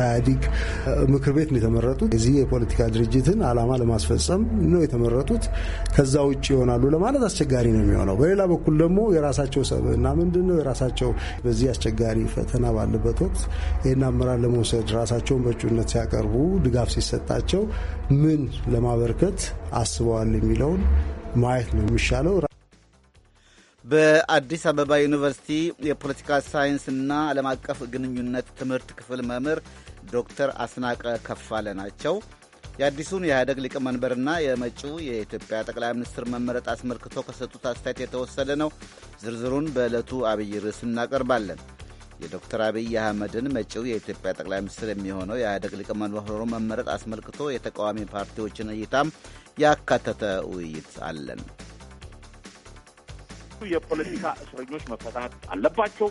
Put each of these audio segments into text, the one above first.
ኢህአዲግ ምክር ቤት ነው የተመረጡት። የዚህ የፖለቲካ ድርጅትን አላማ ለማስፈጸም ነው የተመረጡት። ከዛ ውጭ ይሆናሉ ለማለት አስቸጋሪ ነው የሚሆነው። በሌላ በኩል ደግሞ የራሳቸው ሰብዕና ምንድን ነው የራሳቸው በዚህ አስቸጋሪ ፈተና ባለበት ወቅት ይህን አመራር ለመውሰድ ራሳቸውን በእጩነት ሲያቀርቡ ድጋፍ ሲሰጣቸው ምን ለማበርከት አስበዋል የሚለውን ማየት ነው የሚሻለው። በአዲስ አበባ ዩኒቨርሲቲ የፖለቲካ ሳይንስና ዓለም አቀፍ ግንኙነት ትምህርት ክፍል መምህር ዶክተር አስናቀ ከፋለ ናቸው። የአዲሱን የኢህአደግ ሊቀመንበርና የመጪው የኢትዮጵያ ጠቅላይ ሚኒስትር መመረጥ አስመልክቶ ከሰጡት አስተያየት የተወሰደ ነው። ዝርዝሩን በዕለቱ አብይ ርዕስ እናቀርባለን። የዶክተር አብይ አህመድን መጪው የኢትዮጵያ ጠቅላይ ሚኒስትር የሚሆነው የኢህአደግ ሊቀመንበር መመረጥ አስመልክቶ የተቃዋሚ ፓርቲዎችን እይታም ያካተተ ውይይት አለን። የፖለቲካ እስረኞች መፈታት አለባቸው።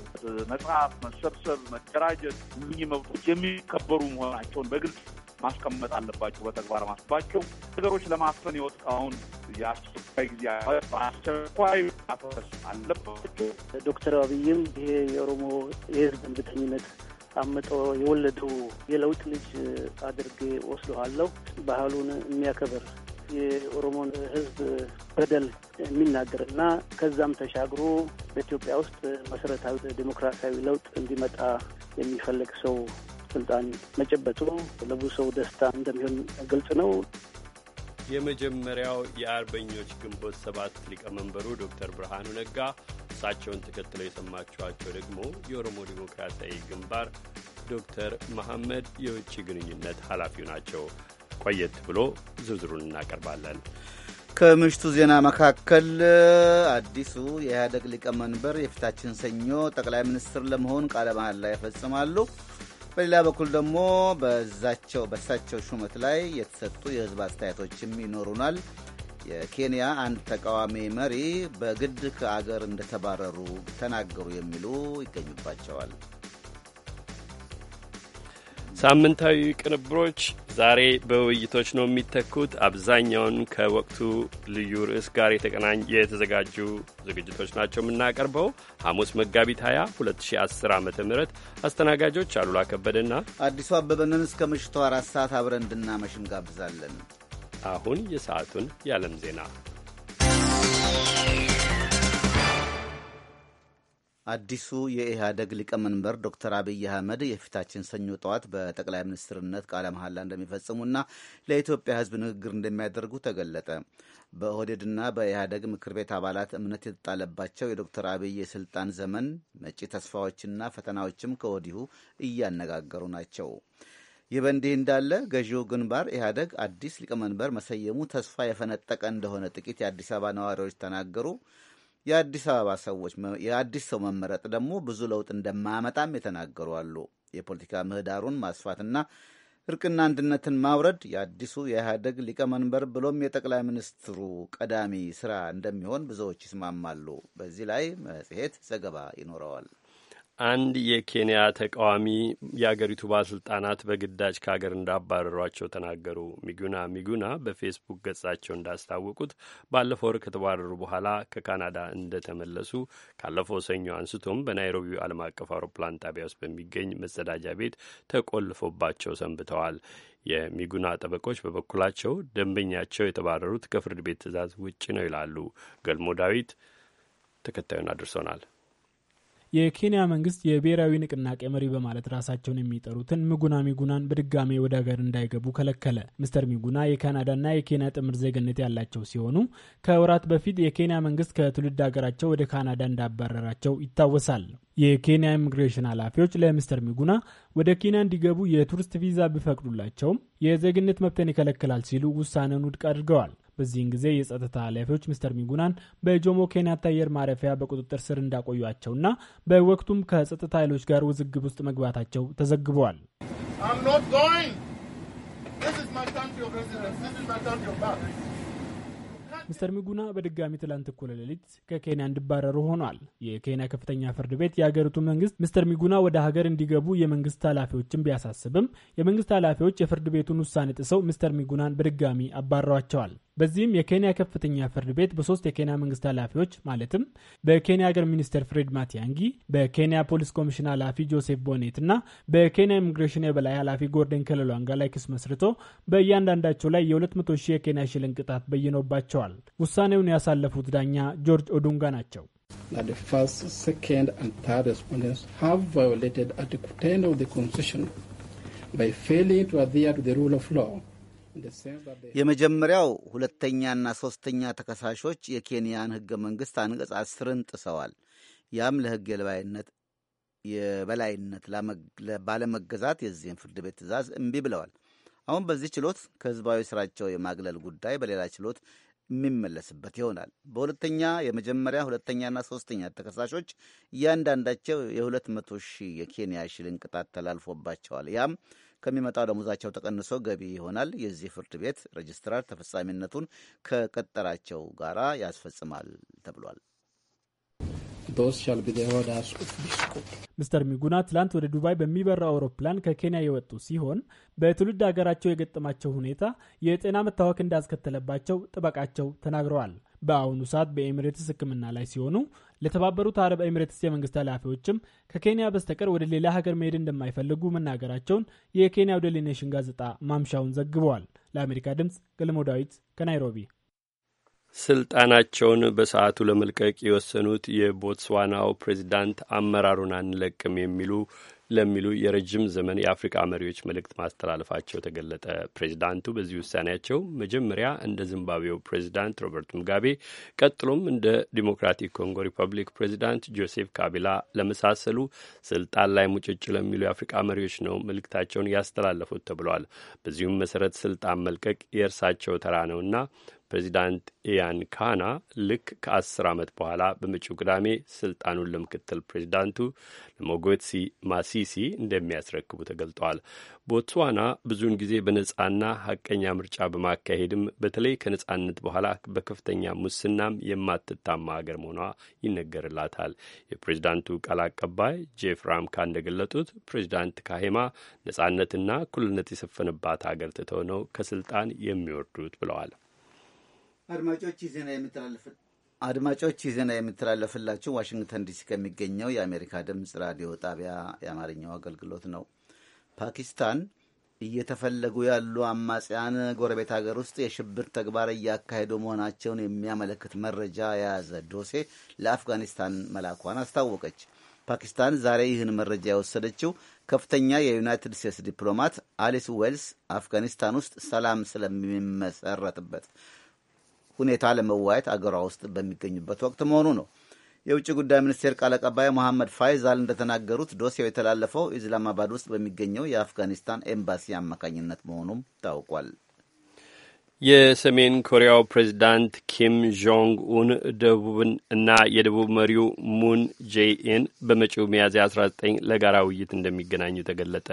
መጽሐፍ፣ መሰብሰብ፣ መደራጀት እኚህ መብቶች የሚከበሩ መሆናቸውን በግልጽ ማስቀመጥ አለባቸው። በተግባር ማስባቸው ነገሮች ለማፈን የወጣውን የአስቸኳይ ጊዜ በአስቸኳይ ማፈረስ አለባቸው። ዶክተር አብይም ይሄ የኦሮሞ የህዝብ እንብተኝነት አምጦ የወለደው የለውጥ ልጅ አድርጌ ወስደዋለሁ። ባህሉን የሚያከብር የኦሮሞን ህዝብ በደል የሚናገር እና ከዛም ተሻግሮ በኢትዮጵያ ውስጥ መሰረታዊ ዴሞክራሲያዊ ለውጥ እንዲመጣ የሚፈልግ ሰው ስልጣን መጨበጡ ለብዙ ሰው ደስታ እንደሚሆን ግልጽ ነው። የመጀመሪያው የአርበኞች ግንቦት ሰባት ሊቀመንበሩ ዶክተር ብርሃኑ ነጋ፣ እሳቸውን ተከትለው የሰማችኋቸው ደግሞ የኦሮሞ ዴሞክራሲያዊ ግንባር ዶክተር መሐመድ የውጭ ግንኙነት ኃላፊው ናቸው። ቆየት ብሎ ዝርዝሩን እናቀርባለን። ከምሽቱ ዜና መካከል አዲሱ የኢህአደግ ሊቀመንበር የፊታችን ሰኞ ጠቅላይ ሚኒስትር ለመሆን ቃለ ላይ ይፈጽማሉ። በሌላ በኩል ደግሞ በዛቸው በሳቸው ሹመት ላይ የተሰጡ የህዝብ አስተያየቶችም ይኖሩናል። የኬንያ አንድ ተቃዋሚ መሪ በግድ ከአገር እንደተባረሩ ተናገሩ የሚሉ ይገኙባቸዋል። ሳምንታዊ ቅንብሮች ዛሬ በውይይቶች ነው የሚተኩት። አብዛኛውን ከወቅቱ ልዩ ርዕስ ጋር የተቀናኝ የተዘጋጁ ዝግጅቶች ናቸው የምናቀርበው። ሐሙስ መጋቢት 20 2010 ዓ ም አስተናጋጆች አሉላ ከበደና አዲሱ አበበንን እስከ ምሽቱ አራት ሰዓት አብረን እንድናመሽ እንጋብዛለን። አሁን የሰዓቱን የዓለም ዜና አዲሱ የኢህአደግ ሊቀመንበር ዶክተር አብይ አህመድ የፊታችን ሰኞ ጠዋት በጠቅላይ ሚኒስትርነት ቃለ መሐላ እንደሚፈጽሙና ለኢትዮጵያ ሕዝብ ንግግር እንደሚያደርጉ ተገለጠ። በኦህዴድና በኢህአደግ ምክር ቤት አባላት እምነት የተጣለባቸው የዶክተር አብይ የስልጣን ዘመን መጪ ተስፋዎችና ፈተናዎችም ከወዲሁ እያነጋገሩ ናቸው። ይህ በእንዲህ እንዳለ ገዢው ግንባር ኢህአደግ አዲስ ሊቀመንበር መሰየሙ ተስፋ የፈነጠቀ እንደሆነ ጥቂት የአዲስ አበባ ነዋሪዎች ተናገሩ። የአዲስ አበባ ሰዎች የአዲስ ሰው መመረጥ ደግሞ ብዙ ለውጥ እንደማያመጣም የተናገሩ አሉ። የፖለቲካ ምህዳሩን ማስፋትና እርቅና አንድነትን ማውረድ የአዲሱ የኢህአደግ ሊቀመንበር ብሎም የጠቅላይ ሚኒስትሩ ቀዳሚ ስራ እንደሚሆን ብዙዎች ይስማማሉ። በዚህ ላይ መጽሔት ዘገባ ይኖረዋል። አንድ የኬንያ ተቃዋሚ የአገሪቱ ባለስልጣናት በግዳጅ ከሀገር እንዳባረሯቸው ተናገሩ። ሚጉና ሚጉና በፌስቡክ ገጻቸው እንዳስታወቁት ባለፈው ወር ከተባረሩ በኋላ ከካናዳ እንደተመለሱ ካለፈው ሰኞ አንስቶም በናይሮቢው ዓለም አቀፍ አውሮፕላን ጣቢያ ውስጥ በሚገኝ መጸዳጃ ቤት ተቆልፎባቸው ሰንብተዋል። የሚጉና ጠበቆች በበኩላቸው ደንበኛቸው የተባረሩት ከፍርድ ቤት ትዕዛዝ ውጭ ነው ይላሉ። ገልሞ ዳዊት ተከታዩን አድርሶናል። የኬንያ መንግስት የብሔራዊ ንቅናቄ መሪ በማለት ራሳቸውን የሚጠሩትን ሚጉና ሚጉናን በድጋሜ ወደ ሀገር እንዳይገቡ ከለከለ። ምስተር ሚጉና የካናዳና የኬንያ ጥምር ዜግነት ያላቸው ሲሆኑ ከወራት በፊት የኬንያ መንግስት ከትውልድ ሀገራቸው ወደ ካናዳ እንዳባረራቸው ይታወሳል። የኬንያ ኢሚግሬሽን ኃላፊዎች ለሚስተር ሚጉና ወደ ኬንያ እንዲገቡ የቱሪስት ቪዛ ቢፈቅዱላቸውም የዜግነት መብትን ይከለክላል ሲሉ ውሳኔውን ውድቅ አድርገዋል። በዚህን ጊዜ የጸጥታ ኃላፊዎች ሚስተር ሚጉናን በጆሞ ኬንያታ አየር ማረፊያ በቁጥጥር ስር እንዳቆዩቸውና በወቅቱም ከጸጥታ ኃይሎች ጋር ውዝግብ ውስጥ መግባታቸው ተዘግበዋል። This is my country of residence. This is my country of birth. ሚስተር ሚጉና በድጋሚ ትላንት እኩለ ሌሊት ከኬንያ እንዲባረሩ ሆኗል። የኬንያ ከፍተኛ ፍርድ ቤት የሀገሪቱ መንግስት ሚስተር ሚጉና ወደ ሀገር እንዲገቡ የመንግስት ኃላፊዎችን ቢያሳስብም የመንግስት ኃላፊዎች የፍርድ ቤቱን ውሳኔ ጥሰው ሚስተር ሚጉናን በድጋሚ አባረዋቸዋል። በዚህም የኬንያ ከፍተኛ ፍርድ ቤት በሶስት የኬንያ መንግስት ኃላፊዎች ማለትም በኬንያ አገር ሚኒስትር ፍሬድ ማቲያንጊ፣ በኬንያ ፖሊስ ኮሚሽን ኃላፊ ጆሴፍ ቦኔት እና በኬንያ ኢሚግሬሽን የበላይ ኃላፊ ጎርደን ከለሏንጋ ላይ ክስ መስርቶ በእያንዳንዳቸው ላይ የ200 ሺህ የኬንያ ሽልን ቅጣት በይኖባቸዋል። ውሳኔውን ያሳለፉት ዳኛ ጆርጅ ኦዱንጋ ናቸው። የመጀመሪያው ሁለተኛና ሶስተኛ ተከሳሾች የኬንያን ህገ መንግስት አንቀጽ አስርን ጥሰዋል። ያም ለህግ የበላይነት የበላይነት ባለመገዛት የዚህን ፍርድ ቤት ትእዛዝ እምቢ ብለዋል። አሁን በዚህ ችሎት ከህዝባዊ ስራቸው የማግለል ጉዳይ በሌላ ችሎት የሚመለስበት ይሆናል። በሁለተኛ የመጀመሪያ ሁለተኛና ሶስተኛ ተከሳሾች እያንዳንዳቸው የሁለት መቶ ሺህ የኬንያ ሽልን ቅጣት ተላልፎባቸዋል። ያም ከሚመጣው ደሞዛቸው ተቀንሶ ገቢ ይሆናል። የዚህ ፍርድ ቤት ሬጅስትራር ተፈጻሚነቱን ከቀጠራቸው ጋር ያስፈጽማል ተብሏል። ሚስተር ሚጉና ትላንት ወደ ዱባይ በሚበራው አውሮፕላን ከኬንያ የወጡ ሲሆን በትውልድ ሀገራቸው የገጠማቸው ሁኔታ የጤና መታወክ እንዳስከተለባቸው ጥበቃቸው ተናግረዋል። በአሁኑ ሰዓት በኤሚሬትስ ሕክምና ላይ ሲሆኑ ለተባበሩት አረብ ኤሚሬትስ የመንግስት ኃላፊዎችም ከኬንያ በስተቀር ወደ ሌላ ሀገር መሄድ እንደማይፈልጉ መናገራቸውን የኬንያው ዴይሊ ኔሽን ጋዜጣ ማምሻውን ዘግበዋል። ለአሜሪካ ድምፅ ገልሞ ዳዊት ከናይሮቢ። ስልጣናቸውን በሰዓቱ ለመልቀቅ የወሰኑት የቦትስዋናው ፕሬዚዳንት አመራሩን አንለቅም የሚሉ ለሚሉ የረጅም ዘመን የአፍሪካ መሪዎች መልእክት ማስተላለፋቸው ተገለጠ። ፕሬዚዳንቱ በዚህ ውሳኔያቸው መጀመሪያ እንደ ዚምባብዌው ፕሬዚዳንት ሮበርት ሙጋቤ ቀጥሎም እንደ ዲሞክራቲክ ኮንጎ ሪፐብሊክ ፕሬዚዳንት ጆሴፍ ካቢላ ለመሳሰሉ ስልጣን ላይ ሙጭጭ ለሚሉ የአፍሪቃ መሪዎች ነው መልእክታቸውን ያስተላለፉት ተብሏል። በዚሁም መሰረት ስልጣን መልቀቅ የእርሳቸው ተራ ነውና ፕሬዚዳንት ኢያን ካና ልክ ከአስር ዓመት በኋላ በመጪው ቅዳሜ ስልጣኑን ለምክትል ፕሬዚዳንቱ ለሞጎትሲ ማሲሲ እንደሚያስረክቡ ተገልጧል። ቦትስዋና ብዙውን ጊዜ በነጻና ሀቀኛ ምርጫ በማካሄድም በተለይ ከነጻነት በኋላ በከፍተኛ ሙስናም የማትታማ ሀገር መሆኗ ይነገርላታል። የፕሬዚዳንቱ ቃል አቀባይ ጄፍ ራምካ እንደገለጡት ፕሬዚዳንት ካሄማ ነጻነትና እኩልነት የሰፈነባት ሀገር ትተው ነው ከስልጣን የሚወርዱት ብለዋል። አድማጮች ዜና የሚተላለፍል አድማጮች ዜና የሚተላለፍላችሁ ዋሽንግተን ዲሲ ከሚገኘው የአሜሪካ ድምፅ ራዲዮ ጣቢያ የአማርኛው አገልግሎት ነው። ፓኪስታን እየተፈለጉ ያሉ አማጽያን ጎረቤት ሀገር ውስጥ የሽብር ተግባር እያካሄዱ መሆናቸውን የሚያመለክት መረጃ የያዘ ዶሴ ለአፍጋኒስታን መላኳን አስታወቀች። ፓኪስታን ዛሬ ይህን መረጃ የወሰደችው ከፍተኛ የዩናይትድ ስቴትስ ዲፕሎማት አሊስ ዌልስ አፍጋኒስታን ውስጥ ሰላም ስለሚመሰረትበት ሁኔታ ለመዋየት አገሯ ውስጥ በሚገኙበት ወቅት መሆኑ ነው። የውጭ ጉዳይ ሚኒስቴር ቃል አቀባይ መሐመድ ፋይዛል እንደተናገሩት ዶሴው የተላለፈው ኢስላማባድ ውስጥ በሚገኘው የአፍጋኒስታን ኤምባሲ አማካኝነት መሆኑም ታውቋል። የሰሜን ኮሪያው ፕሬዚዳንት ኪም ጆንግ ኡን ደቡብን እና የደቡብ መሪው ሙን ጄኢን በመጪው ሚያዝያ 19 ለጋራ ውይይት እንደሚገናኙ ተገለጠ።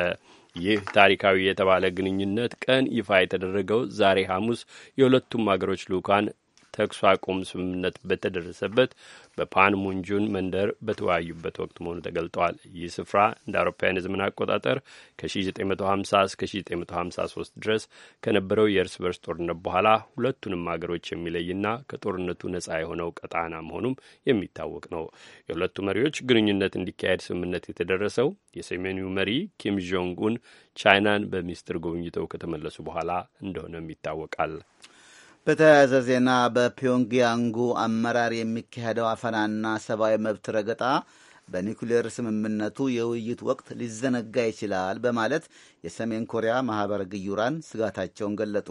ይህ ታሪካዊ የተባለ ግንኙነት ቀን ይፋ የተደረገው ዛሬ ሐሙስ የሁለቱም አገሮች ልዑካን ተኩስ አቁም ስምምነት በተደረሰበት በፓን ሙንጁን መንደር በተወያዩበት ወቅት መሆኑ ተገልጠዋል። ይህ ስፍራ እንደ አውሮፓውያን የዘመን አቆጣጠር ከ1950 እስከ 1953 ድረስ ከነበረው የእርስ በርስ ጦርነት በኋላ ሁለቱንም አገሮች የሚለይና ከጦርነቱ ነጻ የሆነው ቀጣና መሆኑም የሚታወቅ ነው። የሁለቱ መሪዎች ግንኙነት እንዲካሄድ ስምምነት የተደረሰው የሰሜኑ መሪ ኪም ጆንግ ኡን ቻይናን በሚስጥር ጎብኝተው ከተመለሱ በኋላ እንደሆነም ይታወቃል። በተያያዘ ዜና በፒዮንግያንጉ አመራር የሚካሄደው አፈናና ሰብአዊ መብት ረገጣ በኒውክሌር ስምምነቱ የውይይት ወቅት ሊዘነጋ ይችላል በማለት የሰሜን ኮሪያ ማኅበረ ግዩራን ስጋታቸውን ገለጡ።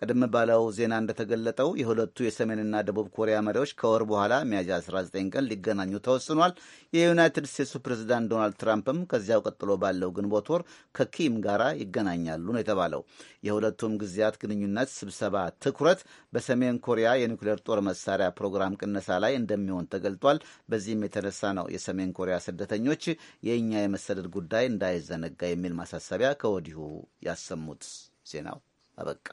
ቀደም ባለው ዜና እንደተገለጠው የሁለቱ የሰሜንና ደቡብ ኮሪያ መሪዎች ከወር በኋላ ሚያዝያ 19 ቀን ሊገናኙ ተወስኗል። የዩናይትድ ስቴትሱ ፕሬዚዳንት ዶናልድ ትራምፕም ከዚያው ቀጥሎ ባለው ግንቦት ወር ከኪም ጋር ይገናኛሉ ነው የተባለው። የሁለቱም ጊዜያት ግንኙነት ስብሰባ ትኩረት በሰሜን ኮሪያ የኒውክሌር ጦር መሳሪያ ፕሮግራም ቅነሳ ላይ እንደሚሆን ተገልጧል። በዚህም የተነሳ ነው የሰሜን ኮሪያ ስደተኞች የእኛ የመሰደድ ጉዳይ እንዳይዘነጋ የሚል ማሳሰቢያ ከወዲሁ ያሰሙት። ዜናው አበቃ።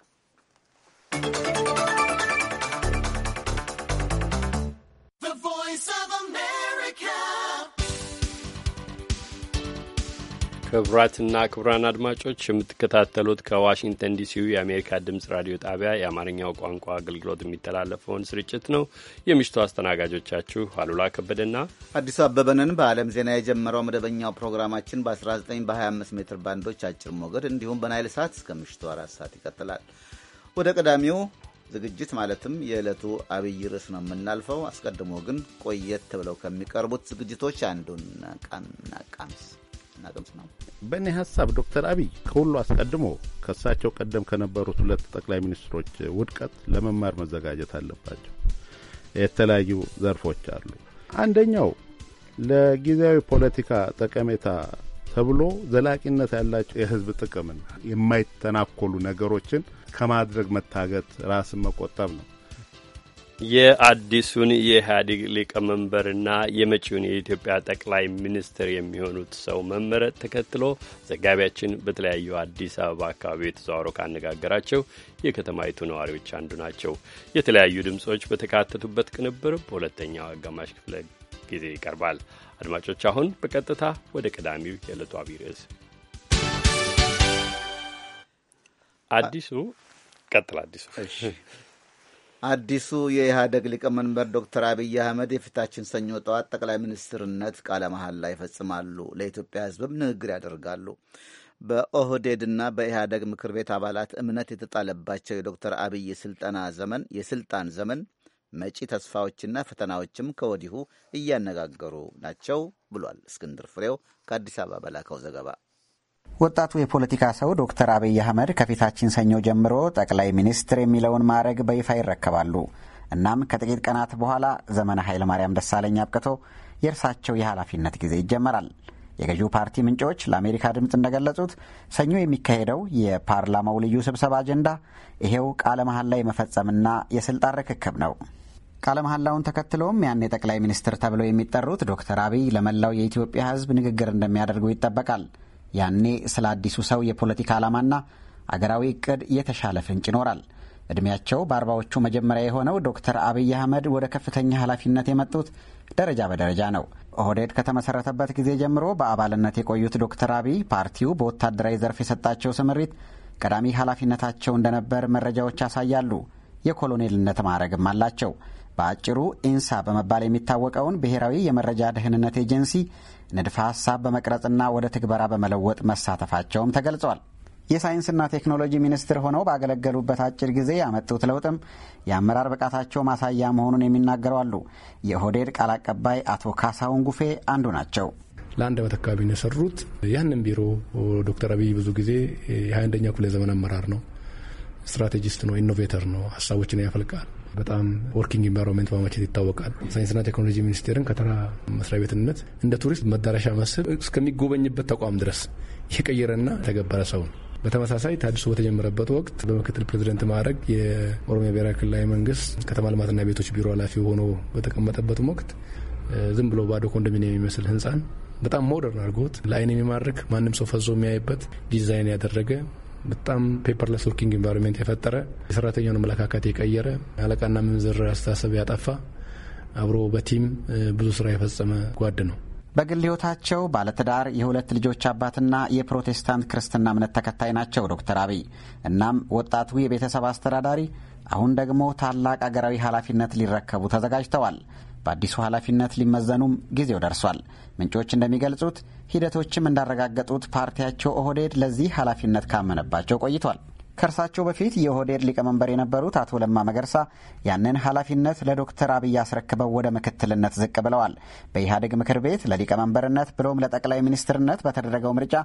ክቡራትና ክቡራን አድማጮች የምትከታተሉት ከዋሽንግተን ዲሲው የአሜሪካ ድምጽ ራዲዮ ጣቢያ የአማርኛው ቋንቋ አገልግሎት የሚተላለፈውን ስርጭት ነው። የምሽቱ አስተናጋጆቻችሁ አሉላ ከበደና አዲሱ አበበንን በዓለም ዜና የጀመረው መደበኛው ፕሮግራማችን በ19 በ25 ሜትር ባንዶች አጭር ሞገድ እንዲሁም በናይል ሰዓት እስከ ምሽቱ አራት ሰዓት ይቀጥላል። ወደ ቀዳሚው ዝግጅት ማለትም የዕለቱ አብይ ርዕስ ነው የምናልፈው። አስቀድሞ ግን ቆየት ብለው ከሚቀርቡት ዝግጅቶች አንዱን ቃና ቃምስ በእኔ ሀሳብ ዶክተር አብይ ከሁሉ አስቀድሞ ከእሳቸው ቀደም ከነበሩት ሁለት ጠቅላይ ሚኒስትሮች ውድቀት ለመማር መዘጋጀት አለባቸው። የተለያዩ ዘርፎች አሉ። አንደኛው ለጊዜያዊ ፖለቲካ ጠቀሜታ ተብሎ ዘላቂነት ያላቸው የህዝብ ጥቅምን የማይተናኮሉ ነገሮችን ከማድረግ መታገት፣ ራስን መቆጠብ ነው። የአዲሱን የኢህአዴግ ሊቀመንበርና የመጪውን የኢትዮጵያ ጠቅላይ ሚኒስትር የሚሆኑት ሰው መመረጥ ተከትሎ ዘጋቢያችን በተለያዩ አዲስ አበባ አካባቢ የተዘዋሮ ካነጋገራቸው የከተማይቱ ነዋሪዎች አንዱ ናቸው። የተለያዩ ድምጾች በተካተቱበት ቅንብር በሁለተኛው አጋማሽ ክፍለ ጊዜ ይቀርባል። አድማጮች፣ አሁን በቀጥታ ወደ ቀዳሚው የዕለቱ አብይ ርዕስ አዲሱ ቀጥል አዲሱ አዲሱ የኢህአደግ ሊቀመንበር ዶክተር አብይ አህመድ የፊታችን ሰኞ ጠዋት ጠቅላይ ሚኒስትርነት ቃለ መሐላ ይፈጽማሉ። ለኢትዮጵያ ሕዝብም ንግግር ያደርጋሉ። በኦህዴድና በኢህአደግ ምክር ቤት አባላት እምነት የተጣለባቸው የዶክተር አብይ ስልጠና ዘመን የስልጣን ዘመን መጪ ተስፋዎችና ፈተናዎችም ከወዲሁ እያነጋገሩ ናቸው ብሏል። እስክንድር ፍሬው ከአዲስ አበባ በላከው ዘገባ ወጣቱ የፖለቲካ ሰው ዶክተር አብይ አህመድ ከፊታችን ሰኞ ጀምሮ ጠቅላይ ሚኒስትር የሚለውን ማዕረግ በይፋ ይረከባሉ። እናም ከጥቂት ቀናት በኋላ ዘመነ ማርያም ደሳለኝ አብቅቶ የእርሳቸው የኃላፊነት ጊዜ ይጀመራል። የገዢው ፓርቲ ምንጮች ለአሜሪካ ድምፅ እንደገለጹት ሰኞ የሚካሄደው የፓርላማው ልዩ ስብሰባ አጀንዳ ይሄው ቃለ መሐላ መፈጸምና የስልጣን ርክክብ ነው። ቃለ መሐላውን ተከትሎም ያን የጠቅላይ ሚኒስትር ተብለው የሚጠሩት ዶክተር አብይ ለመላው የኢትዮጵያ ሕዝብ ንግግር እንደሚያደርጉ ይጠበቃል። ያኔ ስለ አዲሱ ሰው የፖለቲካ ዓላማና አገራዊ እቅድ የተሻለ ፍንጭ ይኖራል። ዕድሜያቸው በአርባዎቹ መጀመሪያ የሆነው ዶክተር አብይ አህመድ ወደ ከፍተኛ ኃላፊነት የመጡት ደረጃ በደረጃ ነው። ኦህዴድ ከተመሠረተበት ጊዜ ጀምሮ በአባልነት የቆዩት ዶክተር አብይ ፓርቲው በወታደራዊ ዘርፍ የሰጣቸው ስምሪት ቀዳሚ ኃላፊነታቸው እንደነበር መረጃዎች ያሳያሉ። የኮሎኔልነት ማዕረግም አላቸው። በአጭሩ ኢንሳ በመባል የሚታወቀውን ብሔራዊ የመረጃ ደህንነት ኤጀንሲ ንድፈ ሀሳብ በመቅረጽና ወደ ትግበራ በመለወጥ መሳተፋቸውም ተገልጿል። የሳይንስና ቴክኖሎጂ ሚኒስትር ሆነው ባገለገሉበት አጭር ጊዜ ያመጡት ለውጥም የአመራር ብቃታቸው ማሳያ መሆኑን የሚናገሩ አሉ። የኦህዴድ ቃል አቀባይ አቶ ካሳሁን ጉፌ አንዱ ናቸው። ለአንድ ዓመት አካባቢ ነው የሰሩት። ያንን ቢሮ ዶክተር አብይ ብዙ ጊዜ የ21ኛ ክፍለ ዘመን አመራር ነው፣ ስትራቴጂስት ነው፣ ኢኖቬተር ነው፣ ሀሳቦችን ያፈልቃል። በጣም ወርኪንግ ኢንቫይሮንመንት ማመቸት ይታወቃል። ሳይንስና ቴክኖሎጂ ሚኒስቴርን ከተራ መስሪያ ቤትነት እንደ ቱሪስት መዳረሻ መስህብ እስከሚጎበኝበት ተቋም ድረስ የቀየረና የተገበረ ሰው ነው። በተመሳሳይ ታድሶ በተጀመረበት ወቅት በምክትል ፕሬዚደንት ማዕረግ የኦሮሚያ ብሔራዊ ክልላዊ መንግስት ከተማ ልማትና ቤቶች ቢሮ ኃላፊ ሆኖ በተቀመጠበትም ወቅት ዝም ብሎ ባዶ ኮንዶሚኒየም የሚመስል ህንፃን በጣም ሞደርን አድርጎት ለአይን የሚማርክ ማንም ሰው ፈዞ የሚያይበት ዲዛይን ያደረገ በጣም ፔፐርለስ ወርኪንግ ኢንቫይሮንመንት የፈጠረ የሰራተኛውን አመለካከት የቀየረ አለቃና ምንዝር አስተሳሰብ ያጠፋ አብሮ በቲም ብዙ ስራ የፈጸመ ጓድ ነው። በግል ህይወታቸው ባለትዳር የሁለት ልጆች አባትና የፕሮቴስታንት ክርስትና እምነት ተከታይ ናቸው ዶክተር አብይ። እናም ወጣቱ የቤተሰብ አስተዳዳሪ አሁን ደግሞ ታላቅ አገራዊ ኃላፊነት ሊረከቡ ተዘጋጅተዋል። በአዲሱ ኃላፊነት ሊመዘኑም ጊዜው ደርሷል። ምንጮች እንደሚገልጹት ሂደቶችም እንዳረጋገጡት ፓርቲያቸው ኦህዴድ ለዚህ ኃላፊነት ካመነባቸው ቆይቷል። ከእርሳቸው በፊት የኦህዴድ ሊቀመንበር የነበሩት አቶ ለማ መገርሳ ያንን ኃላፊነት ለዶክተር አብይ አስረክበው ወደ ምክትልነት ዝቅ ብለዋል። በኢህአዴግ ምክር ቤት ለሊቀመንበርነት ብሎም ለጠቅላይ ሚኒስትርነት በተደረገው ምርጫ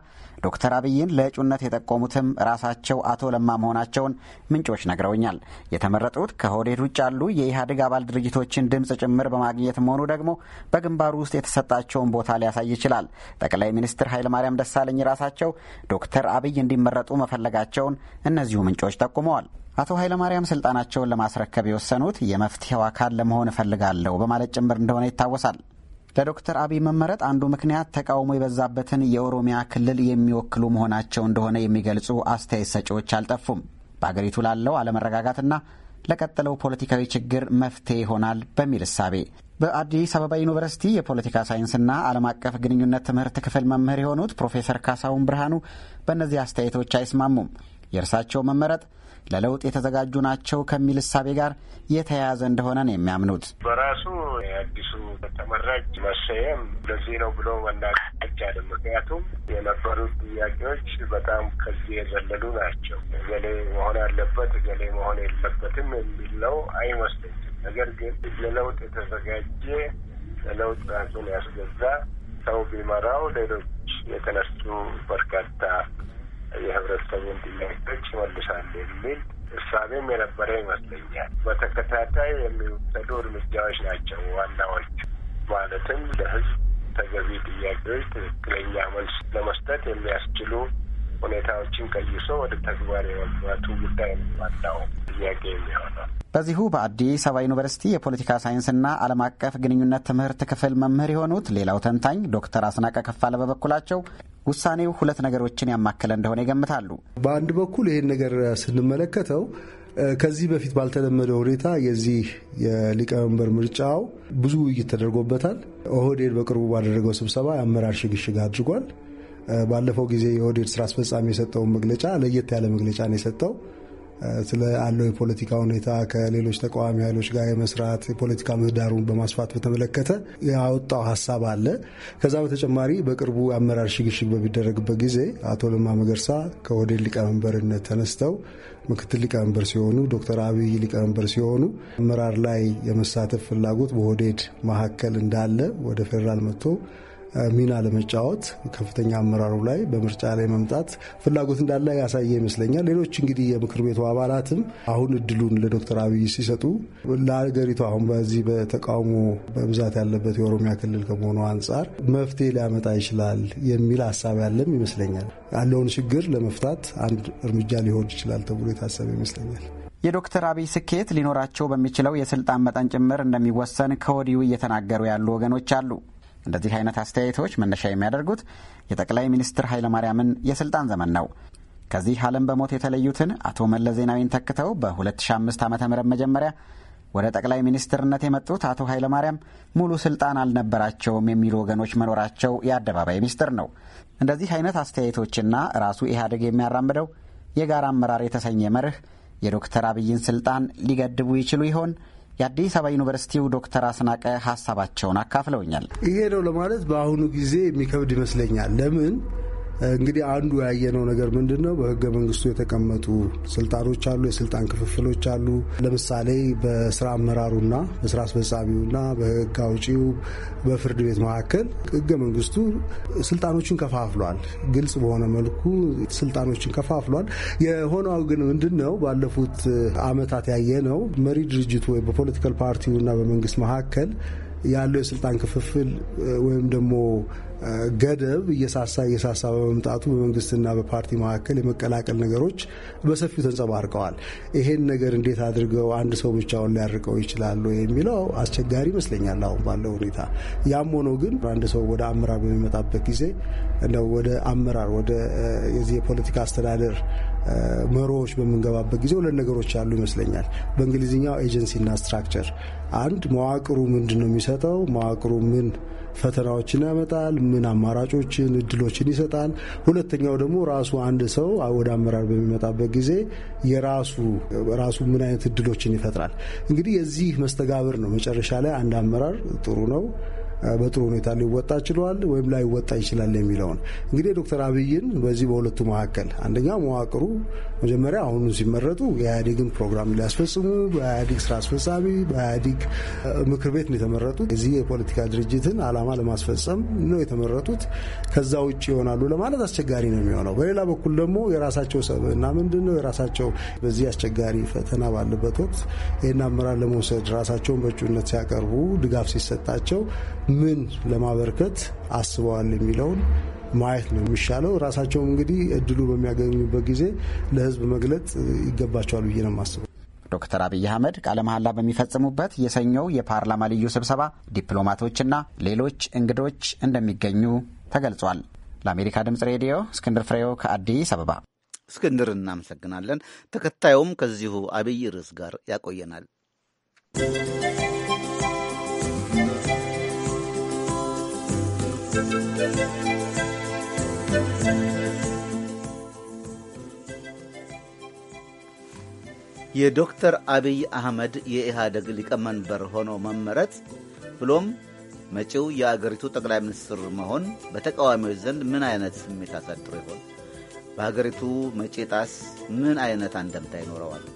ዶክተር አብይን ለእጩነት የጠቆሙትም ራሳቸው አቶ ለማ መሆናቸውን ምንጮች ነግረውኛል። የተመረጡት ከኦህዴድ ውጭ ያሉ የኢህአዴግ አባል ድርጅቶችን ድምፅ ጭምር በማግኘት መሆኑ ደግሞ በግንባሩ ውስጥ የተሰጣቸውን ቦታ ሊያሳይ ይችላል። ጠቅላይ ሚኒስትር ኃይለማርያም ደሳለኝ ራሳቸው ዶክተር አብይ እንዲመረጡ መፈለጋቸውን እነዚሁ ምንጮች ጠቁመዋል። አቶ ኃይለማርያም ስልጣናቸውን ለማስረከብ የወሰኑት የመፍትሄው አካል ለመሆን እፈልጋለሁ በማለት ጭምር እንደሆነ ይታወሳል። ለዶክተር አብይ መመረጥ አንዱ ምክንያት ተቃውሞ የበዛበትን የኦሮሚያ ክልል የሚወክሉ መሆናቸው እንደሆነ የሚገልጹ አስተያየት ሰጪዎች አልጠፉም። በአገሪቱ ላለው አለመረጋጋትና ለቀጠለው ፖለቲካዊ ችግር መፍትሄ ይሆናል በሚል እሳቤ በአዲስ አበባ ዩኒቨርሲቲ የፖለቲካ ሳይንስና ዓለም አቀፍ ግንኙነት ትምህርት ክፍል መምህር የሆኑት ፕሮፌሰር ካሳሁን ብርሃኑ በእነዚህ አስተያየቶች አይስማሙም። የእርሳቸው መመረጥ ለለውጥ የተዘጋጁ ናቸው ከሚል እሳቤ ጋር የተያያዘ እንደሆነ ነው የሚያምኑት። በራሱ የአዲሱ ተመራጭ መሰየም ለዚህ ነው ብሎ መናገር አይቻልም። ምክንያቱም የነበሩት ጥያቄዎች በጣም ከዚህ የዘለሉ ናቸው። እገሌ መሆን አለበት እገሌ መሆን የለበትም የሚል ነው አይመስለኝም። ነገር ግን ለለውጥ የተዘጋጀ ለለውጥ ራሱን ያስገዛ ሰው ቢመራው ሌሎች የተነሱ በርካታ የህብረተሰቡን ጥያቄዎች ይመልሳል የሚል እሳቤም የነበረ ይመስለኛል። በተከታታይ የሚወሰዱ እርምጃዎች ናቸው ዋናዎቹ። ማለትም ለህዝብ ተገቢ ጥያቄዎች ትክክለኛ መልስ ለመስጠት የሚያስችሉ ሁኔታዎችን ቀይሶ ወደ ተግባር የመግባቱ ጉዳይ ነው ዋናው። ጥያቄ የሚሆነው። በዚሁ በአዲስ አበባ ዩኒቨርሲቲ የፖለቲካ ሳይንስና ዓለም አቀፍ ግንኙነት ትምህርት ክፍል መምህር የሆኑት ሌላው ተንታኝ ዶክተር አስናቀ ከፋለ በበኩላቸው ውሳኔው ሁለት ነገሮችን ያማከለ እንደሆነ ይገምታሉ። በአንድ በኩል ይህን ነገር ስንመለከተው ከዚህ በፊት ባልተለመደ ሁኔታ የዚህ የሊቀመንበር ምርጫው ብዙ ውይይት ተደርጎበታል። ኦህዴድ በቅርቡ ባደረገው ስብሰባ የአመራር ሽግሽግ አድርጓል። ባለፈው ጊዜ የኦህዴድ ስራ አስፈጻሚ የሰጠውን መግለጫ ለየት ያለ መግለጫ ነው የሰጠው። ስለ አለው የፖለቲካ ሁኔታ ከሌሎች ተቃዋሚ ኃይሎች ጋር የመስራት የፖለቲካ ምህዳሩን በማስፋት በተመለከተ ያወጣው ሀሳብ አለ። ከዛ በተጨማሪ በቅርቡ አመራር ሽግሽግ በሚደረግበት ጊዜ አቶ ለማ መገርሳ ከኦህዴድ ሊቀመንበርነት ተነስተው ምክትል ሊቀመንበር ሲሆኑ፣ ዶክተር አብይ ሊቀመንበር ሲሆኑ አመራር ላይ የመሳተፍ ፍላጎት በሆዴድ መካከል እንዳለ ወደ ፌዴራል መጥቶ ሚና ለመጫወት ከፍተኛ አመራሩ ላይ በምርጫ ላይ መምጣት ፍላጎት እንዳለ ያሳየ ይመስለኛል። ሌሎች እንግዲህ የምክር ቤቱ አባላትም አሁን እድሉን ለዶክተር አብይ ሲሰጡ ለሀገሪቱ አሁን በዚህ በተቃውሞ በብዛት ያለበት የኦሮሚያ ክልል ከመሆኑ አንጻር መፍትሄ ሊያመጣ ይችላል የሚል ሀሳብ ያለም ይመስለኛል። ያለውን ችግር ለመፍታት አንድ እርምጃ ሊሆን ይችላል ተብሎ የታሰበ ይመስለኛል። የዶክተር አብይ ስኬት ሊኖራቸው በሚችለው የስልጣን መጠን ጭምር እንደሚወሰን ከወዲሁ እየተናገሩ ያሉ ወገኖች አሉ። እንደዚህ አይነት አስተያየቶች መነሻ የሚያደርጉት የጠቅላይ ሚኒስትር ኃይለማርያምን የስልጣን ዘመን ነው። ከዚህ ዓለም በሞት የተለዩትን አቶ መለስ ዜናዊን ተክተው በ2005 ዓ ም መጀመሪያ ወደ ጠቅላይ ሚኒስትርነት የመጡት አቶ ኃይለማርያም ሙሉ ስልጣን አልነበራቸውም የሚሉ ወገኖች መኖራቸው የአደባባይ ሚስጥር ነው። እንደዚህ አይነት አስተያየቶችና ራሱ ኢህአዴግ የሚያራምደው የጋራ አመራር የተሰኘ መርህ የዶክተር አብይን ስልጣን ሊገድቡ ይችሉ ይሆን? የአዲስ አበባ ዩኒቨርሲቲው ዶክተር አስናቀ ሀሳባቸውን አካፍለውኛል። ይሄ ነው ለማለት በአሁኑ ጊዜ የሚከብድ ይመስለኛል። ለምን እንግዲህ አንዱ ያየነው ነገር ምንድን ነው? በህገ መንግስቱ የተቀመጡ ስልጣኖች አሉ፣ የስልጣን ክፍፍሎች አሉ። ለምሳሌ በስራ አመራሩና በስራ አስፈጻሚውና በህግ አውጪው በፍርድ ቤት መካከል ህገ መንግስቱ ስልጣኖችን ከፋፍሏል። ግልጽ በሆነ መልኩ ስልጣኖችን ከፋፍሏል። የሆነው ግን ምንድን ነው? ባለፉት አመታት ያየነው መሪ ድርጅቱ ወይ በፖለቲካል ፓርቲውና በመንግስት መካከል ያለው የስልጣን ክፍፍል ወይም ደግሞ ገደብ እየሳሳ እየሳሳ በመምጣቱ በመንግስትና በፓርቲ መካከል የመቀላቀል ነገሮች በሰፊው ተንጸባርቀዋል። ይሄን ነገር እንዴት አድርገው አንድ ሰው ብቻውን ሊያርቀው ይችላሉ የሚለው አስቸጋሪ ይመስለኛል አሁን ባለው ሁኔታ። ያም ሆኖ ግን አንድ ሰው ወደ አመራር በሚመጣበት ጊዜ ወደ አመራር ወደ የዚህ የፖለቲካ አስተዳደር መሮዎች በምንገባበት ጊዜ ሁለት ነገሮች ያሉ ይመስለኛል። በእንግሊዝኛው ኤጀንሲና ስትራክቸር፣ አንድ መዋቅሩ ምንድን ነው የሚሰጠው? መዋቅሩ ምን ፈተናዎችን ያመጣል? ምን አማራጮችን፣ እድሎችን ይሰጣል። ሁለተኛው ደግሞ ራሱ አንድ ሰው ወደ አመራር በሚመጣበት ጊዜ የራሱ ራሱ ምን አይነት እድሎችን ይፈጥራል። እንግዲህ የዚህ መስተጋብር ነው መጨረሻ ላይ አንድ አመራር ጥሩ ነው በጥሩ ሁኔታ ሊወጣ ችሏል ወይም ላይወጣ ይችላል የሚለውን እንግዲህ ዶክተር አብይን በዚህ በሁለቱ መካከል አንደኛ መዋቅሩ መጀመሪያ አሁኑ ሲመረጡ የኢህአዴግን ፕሮግራም ሊያስፈጽሙ በኢህአዴግ ስራ አስፈጻሚ በኢህአዴግ ምክር ቤት ነው የተመረጡት። የዚህ የፖለቲካ ድርጅትን አላማ ለማስፈጸም ነው የተመረጡት። ከዛ ውጭ ይሆናሉ ለማለት አስቸጋሪ ነው የሚሆነው። በሌላ በኩል ደግሞ የራሳቸው ሰብዕና ምንድን ነው የራሳቸው በዚህ አስቸጋሪ ፈተና ባለበት ወቅት ይህን አመራር ለመውሰድ ራሳቸውን በእጩነት ሲያቀርቡ ድጋፍ ሲሰጣቸው ምን ለማበርከት አስበዋል የሚለውን ማየት ነው የሚሻለው። ራሳቸውም እንግዲህ እድሉ በሚያገኙበት ጊዜ ለህዝብ መግለጽ ይገባቸዋል ብዬ ነው የማስበው። ዶክተር አብይ አህመድ ቃለ መሐላ በሚፈጽሙበት የሰኞው የፓርላማ ልዩ ስብሰባ ዲፕሎማቶችና ሌሎች እንግዶች እንደሚገኙ ተገልጿል። ለአሜሪካ ድምጽ ሬዲዮ እስክንድር ፍሬው ከአዲስ አበባ። እስክንድር እናመሰግናለን። ተከታዩም ከዚሁ አብይ ርዕስ ጋር ያቆየናል። የዶክተር አብይ አህመድ የኢህአደግ ሊቀመንበር ሆኖ መመረጥ ብሎም መጪው የአገሪቱ ጠቅላይ ሚኒስትር መሆን በተቃዋሚዎች ዘንድ ምን አይነት ስሜት አሳድሮ ይሆን? በሀገሪቱ መጪ ጣስ ምን አይነት አንደምታ ይኖረዋል?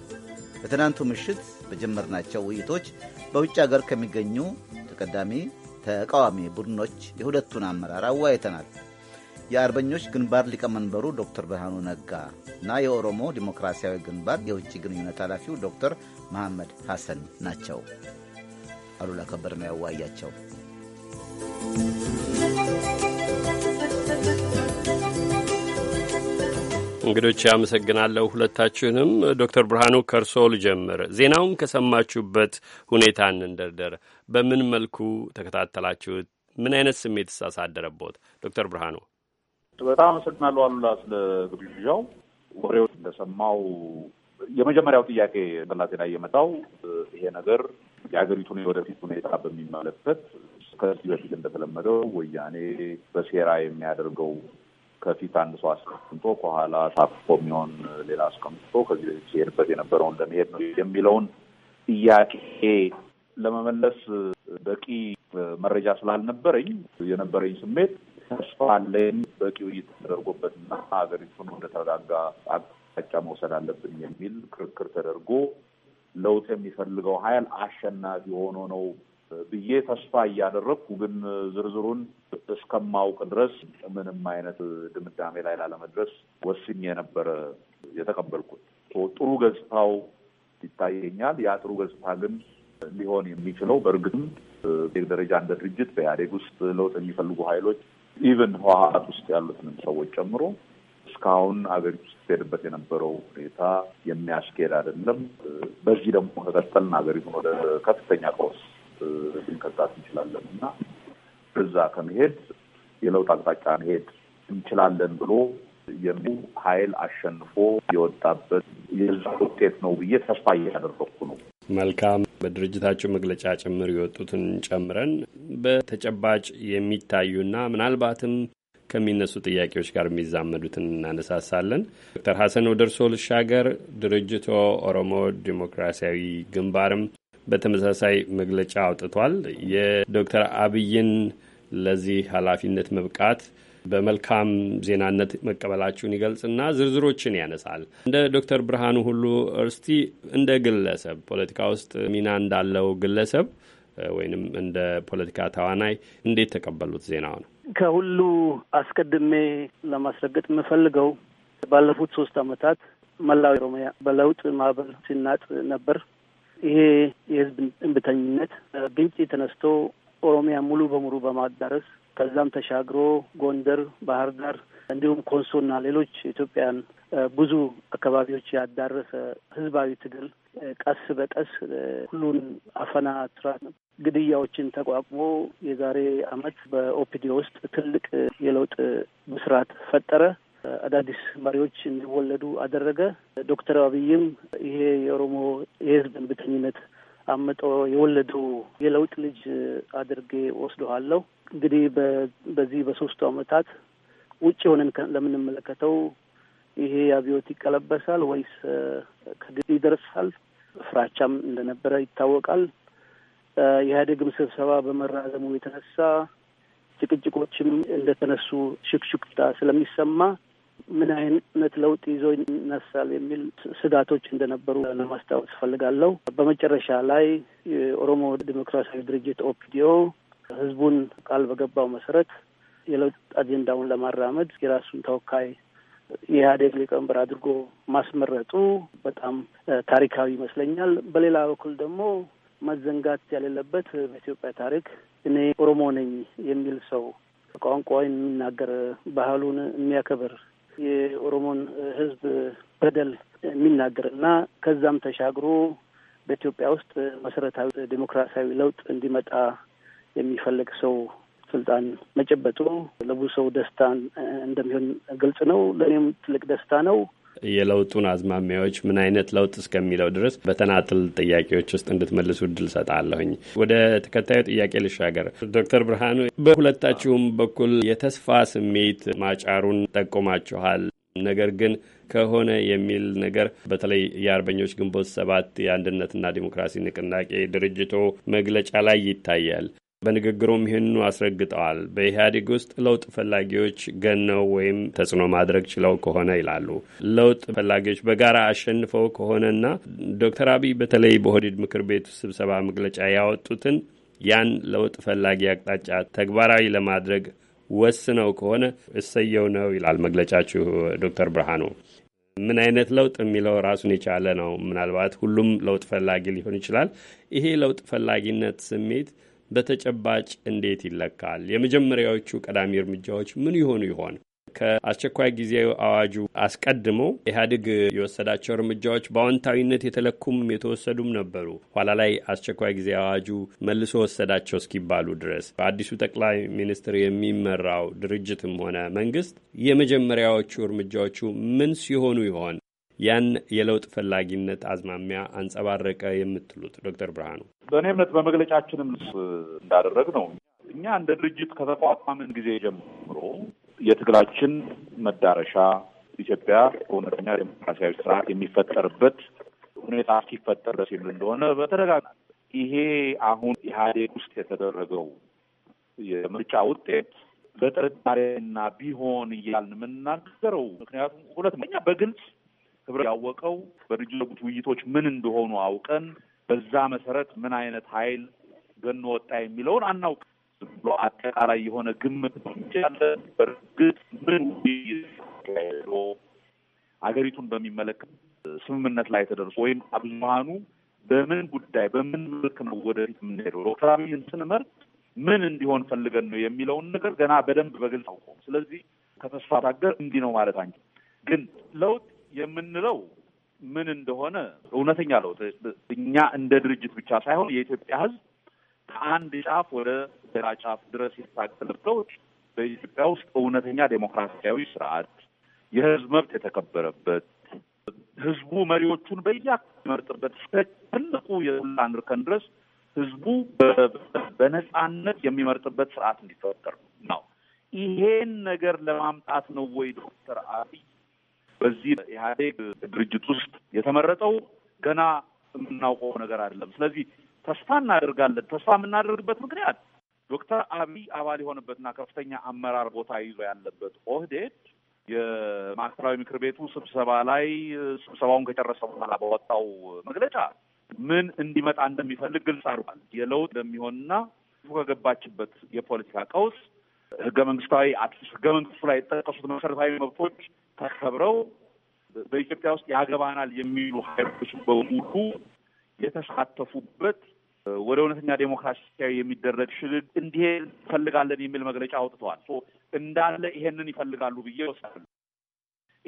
በትናንቱ ምሽት በጀመርናቸው ውይይቶች በውጭ አገር ከሚገኙ ተቀዳሚ ተቃዋሚ ቡድኖች የሁለቱን አመራር አወያይተናል። የአርበኞች ግንባር ሊቀመንበሩ ዶክተር ብርሃኑ ነጋ እና የኦሮሞ ዲሞክራሲያዊ ግንባር የውጭ ግንኙነት ኃላፊው ዶክተር መሐመድ ሐሰን ናቸው። አሉላ ከበደ ነው ያዋያቸው። እንግዶች አመሰግናለሁ ሁለታችሁንም። ዶክተር ብርሃኑ ከእርሶ ልጀምር። ዜናውን ከሰማችሁበት ሁኔታ እንደርደር። በምን መልኩ ተከታተላችሁት? ምን አይነት ስሜት ሳሳደረቦት? ዶክተር ብርሃኑ በጣም አመሰግናለሁ አሉላ ስለ ግብዣው። ወሬዎች እንደሰማው የመጀመሪያው ጥያቄ ጭንቅላቴ ላይ የመጣው ይሄ ነገር የሀገሪቱን የወደፊት ሁኔታ በሚመለከት ከዚህ በፊት እንደተለመደው ወያኔ በሴራ የሚያደርገው ከፊት አንድ ሰው አስቀምጦ ከኋላ ታቅፎ የሚሆን ሌላ አስቀምጦ ከዚህ በፊት ሲሄድበት የነበረው እንደመሄድ ነው የሚለውን ጥያቄ ለመመለስ በቂ መረጃ ስላልነበረኝ የነበረኝ ስሜት ተስፋ አለኝ በቂ ውይይት ተደርጎበትና ሀገሪቱን ወደ ተረጋጋ አቅጣጫ መውሰድ አለብን የሚል ክርክር ተደርጎ ለውጥ የሚፈልገው ኃይል አሸናፊ ሆኖ ነው ብዬ ተስፋ እያደረግኩ ግን ዝርዝሩን እስከማውቅ ድረስ ምንም አይነት ድምዳሜ ላይ ላለመድረስ ወስኜ የነበረ የተቀበልኩት ጥሩ ገጽታው ይታየኛል። ያ ጥሩ ገጽታ ግን ሊሆን የሚችለው በእርግጥም ቤር ደረጃ እንደ ድርጅት በኢህአዴግ ውስጥ ለውጥ የሚፈልጉ ሀይሎች ኢቨን ህወሀት ውስጥ ያሉትን ሰዎች ጨምሮ እስካሁን አገሪቱ ስትሄድበት የነበረው ሁኔታ የሚያስኬድ አይደለም። በዚህ ደግሞ ከቀጠልን ሀገሪቱን ወደ ከፍተኛ ቀውስ ልንከታት እንችላለን እና እዛ ከመሄድ የለውጥ አቅጣጫ መሄድ እንችላለን ብሎ የሚ ሀይል አሸንፎ የወጣበት የዛ ውጤት ነው ብዬ ተስፋ እያደረኩ ነው። መልካም በድርጅታቸው መግለጫ ጭምር የወጡትን ጨምረን በተጨባጭ የሚታዩና ምናልባትም ከሚነሱ ጥያቄዎች ጋር የሚዛመዱትን እናነሳሳለን። ዶክተር ሀሰን ወደ እርስዎ ልሻገር። ድርጅቶ ኦሮሞ ዴሞክራሲያዊ ግንባርም በተመሳሳይ መግለጫ አውጥቷል። የዶክተር አብይን ለዚህ ኃላፊነት መብቃት በመልካም ዜናነት መቀበላችሁን ይገልጽና ዝርዝሮችን ያነሳል። እንደ ዶክተር ብርሃኑ ሁሉ እርስቲ እንደ ግለሰብ ፖለቲካ ውስጥ ሚና እንዳለው ግለሰብ ወይንም እንደ ፖለቲካ ተዋናይ እንዴት ተቀበሉት ዜናው ነው? ከሁሉ አስቀድሜ ለማስረገጥ የምፈልገው ባለፉት ሶስት ዓመታት መላው ኦሮሚያ በለውጥ ማዕበል ሲናጥ ነበር። ይሄ የህዝብ እንብተኝነት ብንጭ ተነስቶ ኦሮሚያ ሙሉ በሙሉ በማዳረስ ከዛም ተሻግሮ ጎንደር፣ ባህር ዳር እንዲሁም ኮንሶና ሌሎች ኢትዮጵያን ብዙ አካባቢዎች ያዳረሰ ህዝባዊ ትግል ቀስ በቀስ ሁሉን አፈና፣ ስራት፣ ግድያዎችን ተቋቁሞ የዛሬ አመት በኦፒዲ ውስጥ ትልቅ የለውጥ ብስራት ፈጠረ። አዳዲስ መሪዎች እንዲወለዱ አደረገ። ዶክተር አብይም ይሄ የኦሮሞ የህዝብ እምቢተኝነት አምጦ የወለዱ የለውጥ ልጅ አድርጌ ወስደዋለሁ። እንግዲህ በዚህ በሶስቱ አመታት ውጭ ሆነን ለምንመለከተው ይሄ አብዮት ይቀለበሳል ወይስ ከግድ ይደርሳል ፍራቻም እንደነበረ ይታወቃል። የኢህአዴግም ስብሰባ በመራዘሙ የተነሳ ጭቅጭቆችም እንደተነሱ ሽክሽክታ ስለሚሰማ ምን አይነት ለውጥ ይዞ ይነሳል የሚል ስጋቶች እንደነበሩ ለማስታወስ እፈልጋለሁ። በመጨረሻ ላይ የኦሮሞ ዴሞክራሲያዊ ድርጅት ኦፒዲኦ ህዝቡን ቃል በገባው መሰረት የለውጥ አጀንዳውን ለማራመድ የራሱን ተወካይ የኢህአዴግ ሊቀመንበር አድርጎ ማስመረጡ በጣም ታሪካዊ ይመስለኛል። በሌላ በኩል ደግሞ መዘንጋት የሌለበት በኢትዮጵያ ታሪክ እኔ ኦሮሞ ነኝ የሚል ሰው ቋንቋ የሚናገር ባህሉን የሚያከብር የኦሮሞን ህዝብ በደል የሚናገር እና ከዛም ተሻግሮ በኢትዮጵያ ውስጥ መሰረታዊ ዴሞክራሲያዊ ለውጥ እንዲመጣ የሚፈልግ ሰው ስልጣን መጨበጡ ለብዙ ሰው ደስታ እንደሚሆን ግልጽ ነው። ለእኔም ትልቅ ደስታ ነው። የለውጡን አዝማሚያዎች ምን አይነት ለውጥ እስከሚለው ድረስ በተናጥል ጥያቄዎች ውስጥ እንድትመልሱ እድል ሰጣለሁኝ። ወደ ተከታዩ ጥያቄ ልሻገር። ዶክተር ብርሃኑ በሁለታችሁም በኩል የተስፋ ስሜት ማጫሩን ጠቁማችኋል። ነገር ግን ከሆነ የሚል ነገር በተለይ የአርበኞች ግንቦት ሰባት የአንድነትና ዲሞክራሲ ንቅናቄ ድርጅቶ መግለጫ ላይ ይታያል። በንግግሩም ይህንኑ አስረግጠዋል። በኢህአዴግ ውስጥ ለውጥ ፈላጊዎች ገነው ወይም ተጽዕኖ ማድረግ ችለው ከሆነ ይላሉ። ለውጥ ፈላጊዎች በጋራ አሸንፈው ከሆነና ዶክተር አብይ በተለይ በኦህዴድ ምክር ቤቱ ስብሰባ መግለጫ ያወጡትን ያን ለውጥ ፈላጊ አቅጣጫ ተግባራዊ ለማድረግ ወስነው ከሆነ እሰየው ነው ይላል መግለጫችሁ ዶክተር ብርሃኑ። ምን አይነት ለውጥ የሚለው ራሱን የቻለ ነው። ምናልባት ሁሉም ለውጥ ፈላጊ ሊሆን ይችላል። ይሄ ለውጥ ፈላጊነት ስሜት በተጨባጭ እንዴት ይለካል? የመጀመሪያዎቹ ቀዳሚ እርምጃዎች ምን ይሆኑ ይሆን? ከአስቸኳይ ጊዜ አዋጁ አስቀድሞ ኢህአዴግ የወሰዳቸው እርምጃዎች በአዎንታዊነት የተለኩም የተወሰዱም ነበሩ። ኋላ ላይ አስቸኳይ ጊዜ አዋጁ መልሶ ወሰዳቸው እስኪባሉ ድረስ በአዲሱ ጠቅላይ ሚኒስትር የሚመራው ድርጅትም ሆነ መንግስት የመጀመሪያዎቹ እርምጃዎቹ ምን ሲሆኑ ይሆን? ያን የለውጥ ፈላጊነት አዝማሚያ አንጸባረቀ የምትሉት ዶክተር ብርሃኑ? በእኔ እምነት በመግለጫችንም እንዳደረግ ነው እኛ እንደ ድርጅት ከተቋቋምን ጊዜ ጀምሮ የትግላችን መዳረሻ ኢትዮጵያ እውነተኛ ዴሞክራሲያዊ ስርዓት የሚፈጠርበት ሁኔታ ሲፈጠር ደስ የሚል እንደሆነ በተደጋጋሚ ይሄ አሁን ኢህአዴግ ውስጥ የተደረገው የምርጫ ውጤት በጥርጣሬና ቢሆን እያልን የምናገረው ምክንያቱም ሁለት በግልጽ ህብረት ያወቀው በድርጅት ውይይቶች ምን እንደሆኑ አውቀን በዛ መሰረት ምን አይነት ኃይል ገኖ ወጣ የሚለውን አናውቅ ብሎ አጠቃላይ የሆነ ግምት ያለ በእርግጥ ምን ውይይት አገሪቱን በሚመለከት ስምምነት ላይ ተደርሶ ወይም አብዙሀኑ በምን ጉዳይ በምን ምልክ ነው ወደፊት የምንሄደው ዶክተር አብይን ስንመርጥ ምን እንዲሆን ፈልገን ነው የሚለውን ነገር ገና በደንብ በግልጽ አውቀ ስለዚህ ከተስፋ ታገር እንዲህ ነው ማለት አንችል ግን ለውጥ የምንለው ምን እንደሆነ እውነተኛ ለውጥ እኛ እንደ ድርጅት ብቻ ሳይሆን የኢትዮጵያ ሕዝብ ከአንድ ጫፍ ወደ ሌላ ጫፍ ድረስ የታገለ ለውጥ በኢትዮጵያ ውስጥ እውነተኛ ዴሞክራሲያዊ ስርዓት፣ የህዝብ መብት የተከበረበት ህዝቡ መሪዎቹን በያ መርጥበት እስከ ትልቁ የሁላን እርከን ድረስ ህዝቡ በነፃነት የሚመርጥበት ስርዓት እንዲፈጠር ነው። ይሄን ነገር ለማምጣት ነው ወይ ዶክተር አብይ በዚህ ኢህአዴግ ድርጅት ውስጥ የተመረጠው ገና የምናውቀው ነገር አይደለም። ስለዚህ ተስፋ እናደርጋለን። ተስፋ የምናደርግበት ምክንያት ዶክተር አብይ አባል የሆነበትና ከፍተኛ አመራር ቦታ ይዞ ያለበት ኦህዴድ የማዕከላዊ ምክር ቤቱ ስብሰባ ላይ ስብሰባውን ከጨረሰ በኋላ በወጣው መግለጫ ምን እንዲመጣ እንደሚፈልግ ግልጽ አድርጓል። የለውጥ እንደሚሆንና ከገባችበት የፖለቲካ ቀውስ ህገ መንግስታዊ ህገ መንግስቱ ላይ የተጠቀሱት መሰረታዊ መብቶች ተከብረው በኢትዮጵያ ውስጥ ያገባናል የሚሉ ሀይሎች በሙሉ የተሳተፉበት ወደ እውነተኛ ዴሞክራሲያዊ የሚደረግ ሽግግ እንዲህ እንፈልጋለን የሚል መግለጫ አውጥተዋል። እንዳለ ይሄንን ይፈልጋሉ ብዬ ወስዳለሁ።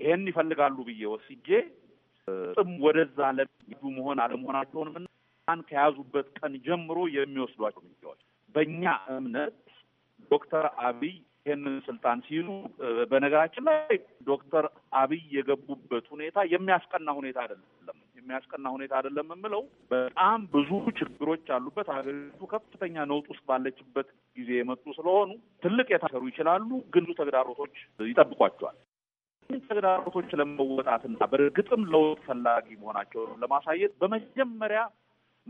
ይሄንን ይፈልጋሉ ብዬ ወስጄ ጥም ወደዛ ለሚሄዱ መሆን አለመሆናቸውን ምን ከያዙበት ቀን ጀምሮ የሚወስዷቸው ሚዲያዎች በእኛ እምነት ዶክተር አብይ ይህንን ስልጣን ሲይዙ በነገራችን ላይ ዶክተር አብይ የገቡበት ሁኔታ የሚያስቀና ሁኔታ አይደለም። የሚያስቀና ሁኔታ አይደለም የምለው በጣም ብዙ ችግሮች ያሉበት ሀገሪቱ ከፍተኛ ነውጥ ውስጥ ባለችበት ጊዜ የመጡ ስለሆኑ ትልቅ የታሰሩ ይችላሉ፣ ግን ብዙ ተግዳሮቶች ይጠብቋቸዋል። ተግዳሮቶች ለመወጣትና በእርግጥም ለውጥ ፈላጊ መሆናቸውን ለማሳየት በመጀመሪያ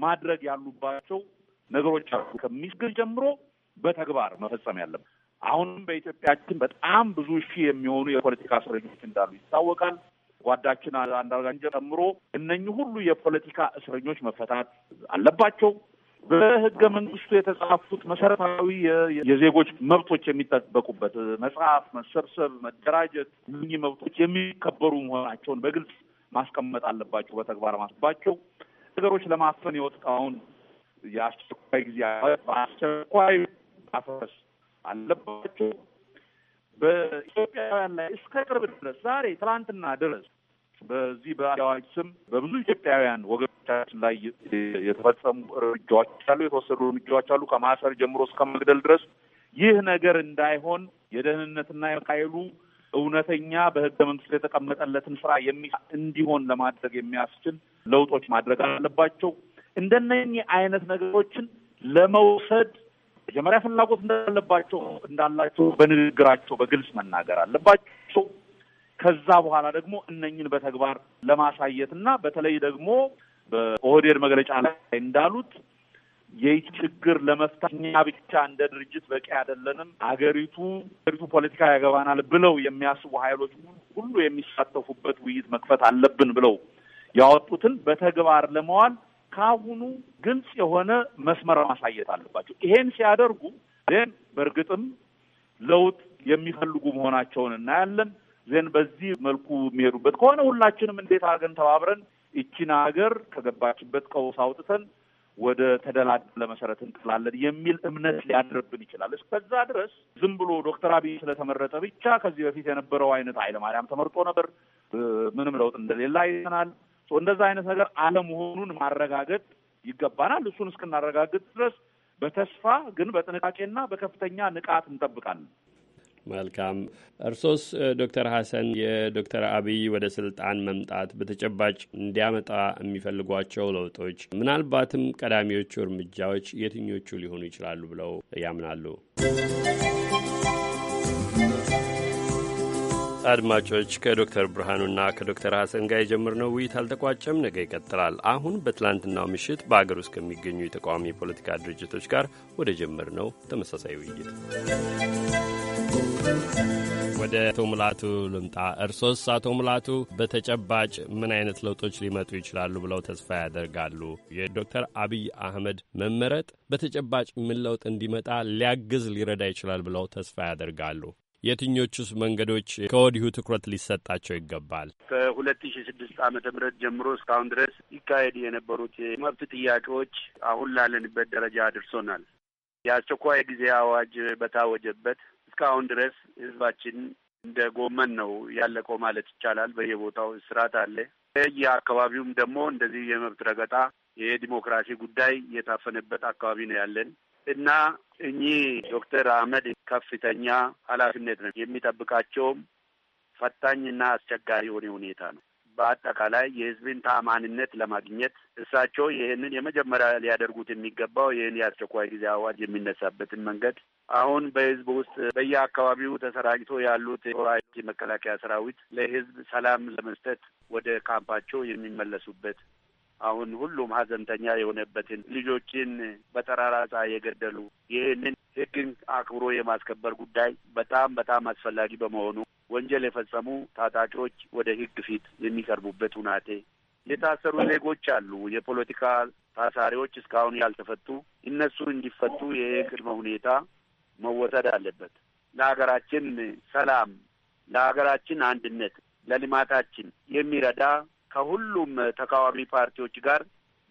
ማድረግ ያሉባቸው ነገሮች አሉ። ከሚስግር ጀምሮ በተግባር መፈጸም ያለብን። አሁንም በኢትዮጵያችን በጣም ብዙ ሺህ የሚሆኑ የፖለቲካ እስረኞች እንዳሉ ይታወቃል። ጓዳችን አንዳርጋን ጨምሮ እነኚህ ሁሉ የፖለቲካ እስረኞች መፈታት አለባቸው። በህገ መንግስቱ የተጻፉት መሰረታዊ የዜጎች መብቶች የሚጠበቁበት መጽሐፍ፣ መሰብሰብ፣ መደራጀት እነኚህ መብቶች የሚከበሩ መሆናቸውን በግልጽ ማስቀመጥ አለባቸው። በተግባር ማስባቸው ነገሮች ለማፈን የወጣውን የአስቸኳይ ጊዜ በአስቸኳይ ማፍረስ አለባቸው። በኢትዮጵያውያን ላይ እስከ ቅርብ ድረስ ዛሬ ትላንትና ድረስ በዚህ በአዋጅ ስም በብዙ ኢትዮጵያውያን ወገኖቻችን ላይ የተፈጸሙ እርምጃዎች አሉ፣ የተወሰዱ እርምጃዎች አሉ፣ ከማሰር ጀምሮ እስከ መግደል ድረስ። ይህ ነገር እንዳይሆን የደህንነትና የካይሉ እውነተኛ በህገ መንግስት የተቀመጠለትን ስራ የሚ እንዲሆን ለማድረግ የሚያስችል ለውጦች ማድረግ አለባቸው። እንደነኚህ አይነት ነገሮችን ለመውሰድ መጀመሪያ ፍላጎት እንዳለባቸው እንዳላቸው በንግግራቸው በግልጽ መናገር አለባቸው። ከዛ በኋላ ደግሞ እነኝን በተግባር ለማሳየት እና በተለይ ደግሞ በኦህዴድ መግለጫ ላይ እንዳሉት ይህ ችግር ለመፍታት እኛ ብቻ እንደ ድርጅት በቂ አይደለንም፣ አገሪቱ አገሪቱ ፖለቲካ ያገባናል ብለው የሚያስቡ ኃይሎች ሁሉ የሚሳተፉበት ውይይት መክፈት አለብን ብለው ያወጡትን በተግባር ለመዋል ከአሁኑ ግልጽ የሆነ መስመር ማሳየት አለባቸው። ይሄን ሲያደርጉ ዜን በእርግጥም ለውጥ የሚፈልጉ መሆናቸውን እናያለን። ዜን በዚህ መልኩ የሚሄዱበት ከሆነ ሁላችንም እንዴት አድርገን ተባብረን ይቺን ሀገር ከገባችበት ቀውስ አውጥተን ወደ ተደላደለ መሰረት እንጥላለን የሚል እምነት ሊያድርብን ይችላል። እስከዛ ድረስ ዝም ብሎ ዶክተር አብይ ስለተመረጠ ብቻ ከዚህ በፊት የነበረው አይነት ኃይለማርያም ተመርጦ ነበር፣ ምንም ለውጥ እንደሌለ አይተናል። እንደዛ አይነት ነገር አለመሆኑን ማረጋገጥ ይገባናል። እሱን እስክናረጋግጥ ድረስ በተስፋ ግን በጥንቃቄና በከፍተኛ ንቃት እንጠብቃለን። መልካም። እርሶስ ዶክተር ሀሰን የዶክተር አብይ ወደ ስልጣን መምጣት በተጨባጭ እንዲያመጣ የሚፈልጓቸው ለውጦች፣ ምናልባትም ቀዳሚዎቹ እርምጃዎች የትኞቹ ሊሆኑ ይችላሉ ብለው ያምናሉ? አድማጮች ከዶክተር ብርሃኑና ከዶክተር ሐሰን ጋር የጀመርነው ውይይት አልተቋጨም፣ ነገ ይቀጥላል። አሁን በትላንትናው ምሽት በአገር ውስጥ ከሚገኙ የተቃዋሚ የፖለቲካ ድርጅቶች ጋር ወደ ጀመርነው ተመሳሳይ ውይይት ወደ አቶ ሙላቱ ልምጣ። እርሶስ አቶ ሙላቱ በተጨባጭ ምን አይነት ለውጦች ሊመጡ ይችላሉ ብለው ተስፋ ያደርጋሉ? የዶክተር አብይ አህመድ መመረጥ በተጨባጭ ምን ለውጥ እንዲመጣ ሊያግዝ ሊረዳ ይችላል ብለው ተስፋ ያደርጋሉ? የትኞቹስ መንገዶች ከወዲሁ ትኩረት ሊሰጣቸው ይገባል? ከሁለት ሺ ስድስት ዓመተ ምህረት ጀምሮ እስካሁን ድረስ ይካሄድ የነበሩት የመብት ጥያቄዎች አሁን ላለንበት ደረጃ አድርሶናል። የአስቸኳይ ጊዜ አዋጅ በታወጀበት እስካሁን ድረስ ህዝባችን እንደ ጎመን ነው ያለቀው ማለት ይቻላል። በየቦታው እስራት አለ። የአካባቢውም ደግሞ እንደዚህ የመብት ረገጣ፣ የዲሞክራሲ ጉዳይ የታፈነበት አካባቢ ነው ያለን። እና እኚህ ዶክተር አህመድ ከፍተኛ ኃላፊነት ነው የሚጠብቃቸውም ፈታኝና አስቸጋሪ የሆነ ሁኔታ ነው። በአጠቃላይ የህዝብን ተአማንነት ለማግኘት እሳቸው ይህንን የመጀመሪያ ሊያደርጉት የሚገባው ይህን የአስቸኳይ ጊዜ አዋጅ የሚነሳበትን መንገድ አሁን በህዝብ ውስጥ በየአካባቢው ተሰራጭቶ ያሉት የመከላከያ ሰራዊት ለህዝብ ሰላም ለመስጠት ወደ ካምፓቸው የሚመለሱበት አሁን ሁሉም ሀዘንተኛ የሆነበትን ልጆችን በጠራራ ፀሐይ የገደሉ ይህንን ህግን አክብሮ የማስከበር ጉዳይ በጣም በጣም አስፈላጊ በመሆኑ ወንጀል የፈጸሙ ታጣቂዎች ወደ ህግ ፊት የሚቀርቡበት ሁናቴ የታሰሩ ዜጎች አሉ። የፖለቲካ ታሳሪዎች እስካሁን ያልተፈቱ እነሱ እንዲፈቱ ይሄ ቅድመ ሁኔታ መወሰድ አለበት። ለሀገራችን ሰላም፣ ለሀገራችን አንድነት፣ ለልማታችን የሚረዳ ከሁሉም ተቃዋሚ ፓርቲዎች ጋር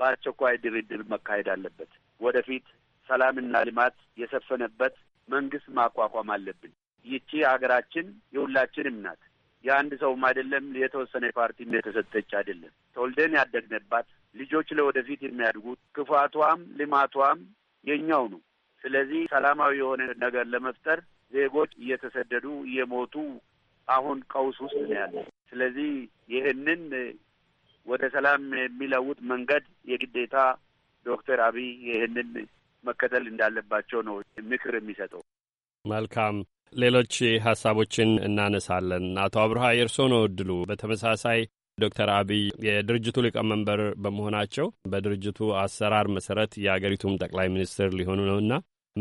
በአስቸኳይ ድርድር መካሄድ አለበት። ወደፊት ሰላምና ልማት የሰፈነበት መንግስት ማቋቋም አለብን። ይቺ ሀገራችን የሁላችንም ናት። የአንድ ሰውም አይደለም፣ የተወሰነ ፓርቲም የተሰጠች አይደለም። ተወልደን ያደግነባት ልጆች ለወደፊት የሚያድጉት ክፋቷም ልማቷም የኛው ነው። ስለዚህ ሰላማዊ የሆነ ነገር ለመፍጠር ዜጎች እየተሰደዱ እየሞቱ አሁን ቀውስ ውስጥ ነው ያለ። ስለዚህ ይህንን ወደ ሰላም የሚለውጥ መንገድ የግዴታ ዶክተር አብይ ይህንን መከተል እንዳለባቸው ነው ምክር የሚሰጠው። መልካም ሌሎች ሀሳቦችን እናነሳለን። አቶ አብርሃ የእርሶ ነው እድሉ። በተመሳሳይ ዶክተር አብይ የድርጅቱ ሊቀመንበር በመሆናቸው በድርጅቱ አሰራር መሰረት የአገሪቱም ጠቅላይ ሚኒስትር ሊሆኑ ነውና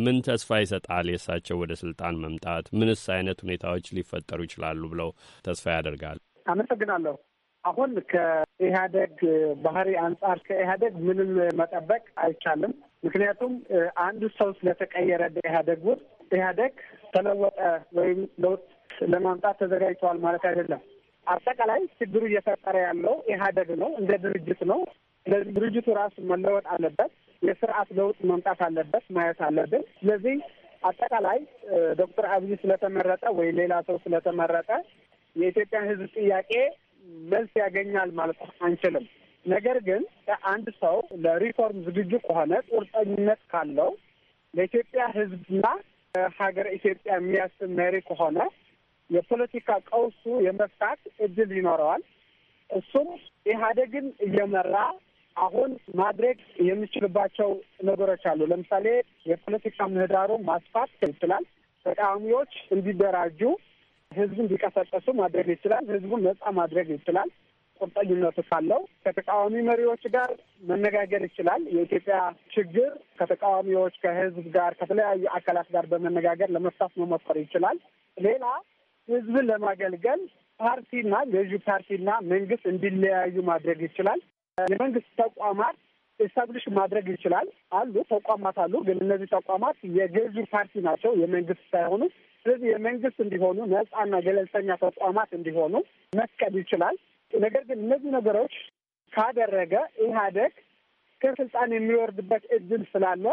ምን ተስፋ ይሰጣል የእሳቸው ወደ ስልጣን መምጣት? ምንስ አይነት ሁኔታዎች ሊፈጠሩ ይችላሉ ብለው ተስፋ ያደርጋል? አመሰግናለሁ። አሁን ኢህአደግ ባህሪ አንጻር ከኢህአደግ ምንም መጠበቅ አይቻልም። ምክንያቱም አንድ ሰው ስለተቀየረ በኢህአደግ ውስጥ ኢህአደግ ተለወጠ ወይም ለውጥ ለማምጣት ተዘጋጅተዋል ማለት አይደለም። አጠቃላይ ችግሩ እየፈጠረ ያለው ኢህአደግ ነው፣ እንደ ድርጅት ነው። ስለዚህ ድርጅቱ ራሱ መለወጥ አለበት። የስርዓት ለውጥ መምጣት አለበት፣ ማየት አለብን። ስለዚህ አጠቃላይ ዶክተር አብይ ስለተመረጠ ወይም ሌላ ሰው ስለተመረጠ የኢትዮጵያን ህዝብ ጥያቄ መልስ ያገኛል ማለት አንችልም። ነገር ግን አንድ ሰው ለሪፎርም ዝግጁ ከሆነ ቁርጠኝነት ካለው ለኢትዮጵያ ሕዝብና ሀገር ኢትዮጵያ የሚያስብ መሪ ከሆነ የፖለቲካ ቀውሱ የመፍታት እድል ይኖረዋል። እሱም ኢህአዴግን እየመራ አሁን ማድረግ የሚችልባቸው ነገሮች አሉ። ለምሳሌ የፖለቲካ ምህዳሩ ማስፋት ይችላል። ተቃዋሚዎች እንዲደራጁ ህዝቡን እንዲቀሰቀሱ ማድረግ ይችላል። ህዝቡን ነጻ ማድረግ ይችላል። ቁርጠኝነቱ ካለው ከተቃዋሚ መሪዎች ጋር መነጋገር ይችላል። የኢትዮጵያ ችግር ከተቃዋሚዎች፣ ከህዝብ ጋር፣ ከተለያዩ አካላት ጋር በመነጋገር ለመፍታት መሞከር ይችላል። ሌላ ህዝብን ለማገልገል ፓርቲና ገዢ ፓርቲና መንግስት እንዲለያዩ ማድረግ ይችላል። የመንግስት ተቋማት ኤስታብሊሽ ማድረግ ይችላል። አሉ ተቋማት አሉ፣ ግን እነዚህ ተቋማት የገዢ ፓርቲ ናቸው፣ የመንግስት ሳይሆኑ ስለዚህ የመንግስት እንዲሆኑ ነጻና ገለልተኛ ተቋማት እንዲሆኑ መፍቀድ ይችላል። ነገር ግን እነዚህ ነገሮች ካደረገ ኢህአደግ ከስልጣን የሚወርድበት እድል ስላለ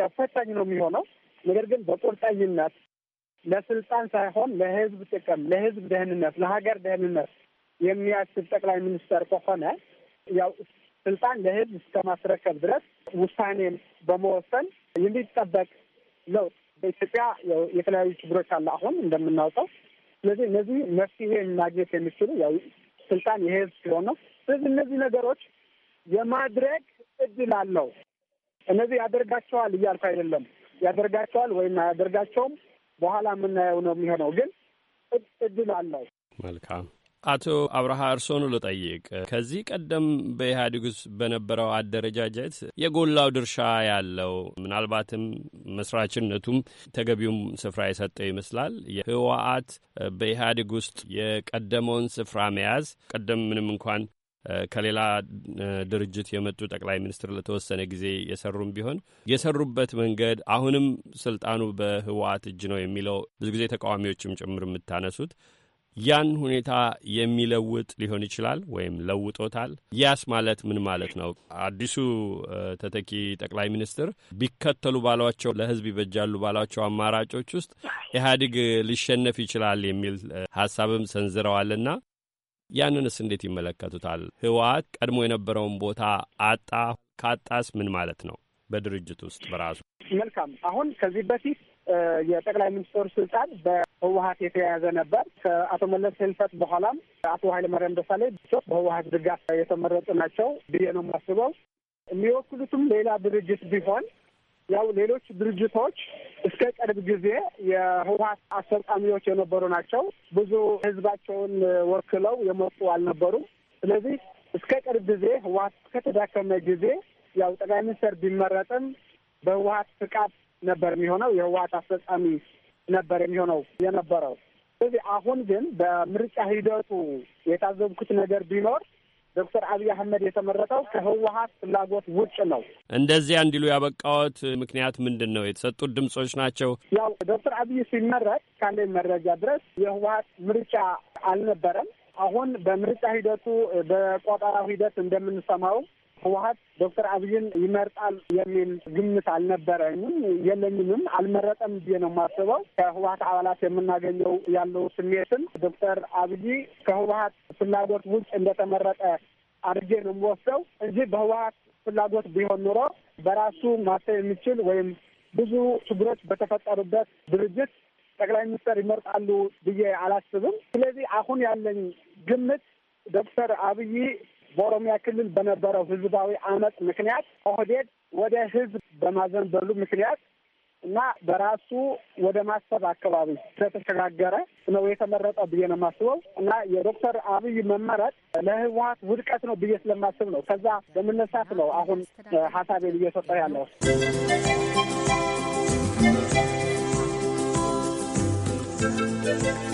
ያው ፈታኝ ነው የሚሆነው። ነገር ግን በቁርጠኝነት ለስልጣን ሳይሆን ለህዝብ ጥቅም፣ ለህዝብ ደህንነት፣ ለሀገር ደህንነት የሚያስብ ጠቅላይ ሚኒስተር ከሆነ ያው ስልጣን ለህዝብ እስከ ማስረከብ ድረስ ውሳኔ በመወሰን የሚጠበቅ ለውጥ በኢትዮጵያ የተለያዩ ችግሮች አለ አሁን እንደምናውቀው። ስለዚህ እነዚህ መፍትሄ ማግኘት የሚችሉ ያው ስልጣን የህዝብ ሲሆን ነው። ስለዚህ እነዚህ ነገሮች የማድረግ እድል አለው። እነዚህ ያደርጋቸዋል እያልኩ አይደለም። ያደርጋቸዋል ወይም አያደርጋቸውም በኋላ የምናየው ነው የሚሆነው፣ ግን እድል አለው። መልካም አቶ አብርሃ እርሶን ልጠይቅ። ከዚህ ቀደም በኢህአዴግ ውስጥ በነበረው አደረጃጀት የጎላው ድርሻ ያለው ምናልባትም መስራችነቱም ተገቢውም ስፍራ የሰጠው ይመስላል የህወሓት በኢህአዴግ ውስጥ የቀደመውን ስፍራ መያዝ ቀደም ምንም እንኳን ከሌላ ድርጅት የመጡ ጠቅላይ ሚኒስትር ለተወሰነ ጊዜ የሰሩም ቢሆን የሰሩበት መንገድ አሁንም ስልጣኑ በህወሓት እጅ ነው የሚለው ብዙ ጊዜ ተቃዋሚዎችም ጭምር የምታነሱት ያን ሁኔታ የሚለውጥ ሊሆን ይችላል ወይም ለውጦታል። ያስ ማለት ምን ማለት ነው? አዲሱ ተተኪ ጠቅላይ ሚኒስትር ቢከተሉ ባሏቸው ለህዝብ ይበጃሉ ባሏቸው አማራጮች ውስጥ ኢህአዲግ ሊሸነፍ ይችላል የሚል ሀሳብም ሰንዝረዋልና ያንንስ እንዴት ይመለከቱታል? ህወሓት ቀድሞ የነበረውን ቦታ አጣ። ካጣስ ምን ማለት ነው? በድርጅት ውስጥ በራሱ መልካም አሁን ከዚህ በፊት የጠቅላይ ሚኒስትሩ ስልጣን በህወሀት የተያያዘ ነበር። ከአቶ መለስ ህልፈት በኋላም አቶ ኃይለማርያም ደሳለኝ በህወሀት ድጋፍ የተመረጡ ናቸው ብዬ ነው የማስበው። የሚወክሉትም ሌላ ድርጅት ቢሆን ያው ሌሎች ድርጅቶች እስከ ቅርብ ጊዜ የህወሀት አስፈጻሚዎች የነበሩ ናቸው። ብዙ ህዝባቸውን ወክለው የመጡ አልነበሩም። ስለዚህ እስከ ቅርብ ጊዜ ህወሀት እስከተዳከመ ጊዜ ያው ጠቅላይ ሚኒስትር ቢመረጥም በህወሀት ፍቃድ ነበር የሚሆነው የህወሀት አስፈጻሚ ነበር የሚሆነው የነበረው። ስለዚህ አሁን ግን በምርጫ ሂደቱ የታዘብኩት ነገር ቢኖር ዶክተር አብይ አህመድ የተመረጠው ከህወሀት ፍላጎት ውጭ ነው። እንደዚያ እንዲሉ ያበቃዎት ምክንያት ምንድን ነው? የተሰጡት ድምጾች ናቸው። ያው ዶክተር አብይ ሲመረጥ ካለኝ መረጃ ድረስ የህወሀት ምርጫ አልነበረም። አሁን በምርጫ ሂደቱ በቆጠራው ሂደት እንደምንሰማው ህወሀት ዶክተር አብይን ይመርጣል የሚል ግምት አልነበረኝም፣ የለኝምም፣ አልመረጠም ብዬ ነው የማስበው። ከህወሀት አባላት የምናገኘው ያለው ስሜትም ዶክተር አብይ ከህወሀት ፍላጎት ውጭ እንደተመረጠ አድርጌ ነው የምወስደው እንጂ በህወሀት ፍላጎት ቢሆን ኑሮ በራሱ ማሰብ የሚችል ወይም ብዙ ችግሮች በተፈጠሩበት ድርጅት ጠቅላይ ሚኒስትር ይመርጣሉ ብዬ አላስብም። ስለዚህ አሁን ያለኝ ግምት ዶክተር አብይ በኦሮሚያ ክልል በነበረው ህዝባዊ አመፅ ምክንያት ኦህዴድ ወደ ህዝብ በማዘንበሉ ምክንያት እና በራሱ ወደ ማሰብ አካባቢ ስለተሸጋገረ ነው የተመረጠው ብዬ ነው የማስበው። እና የዶክተር አብይ መመረጥ ለህወሀት ውድቀት ነው ብዬ ስለማስብ ነው። ከዛ በመነሳት ነው አሁን ሀሳቤን እየሰጠ ያለው። Thank you.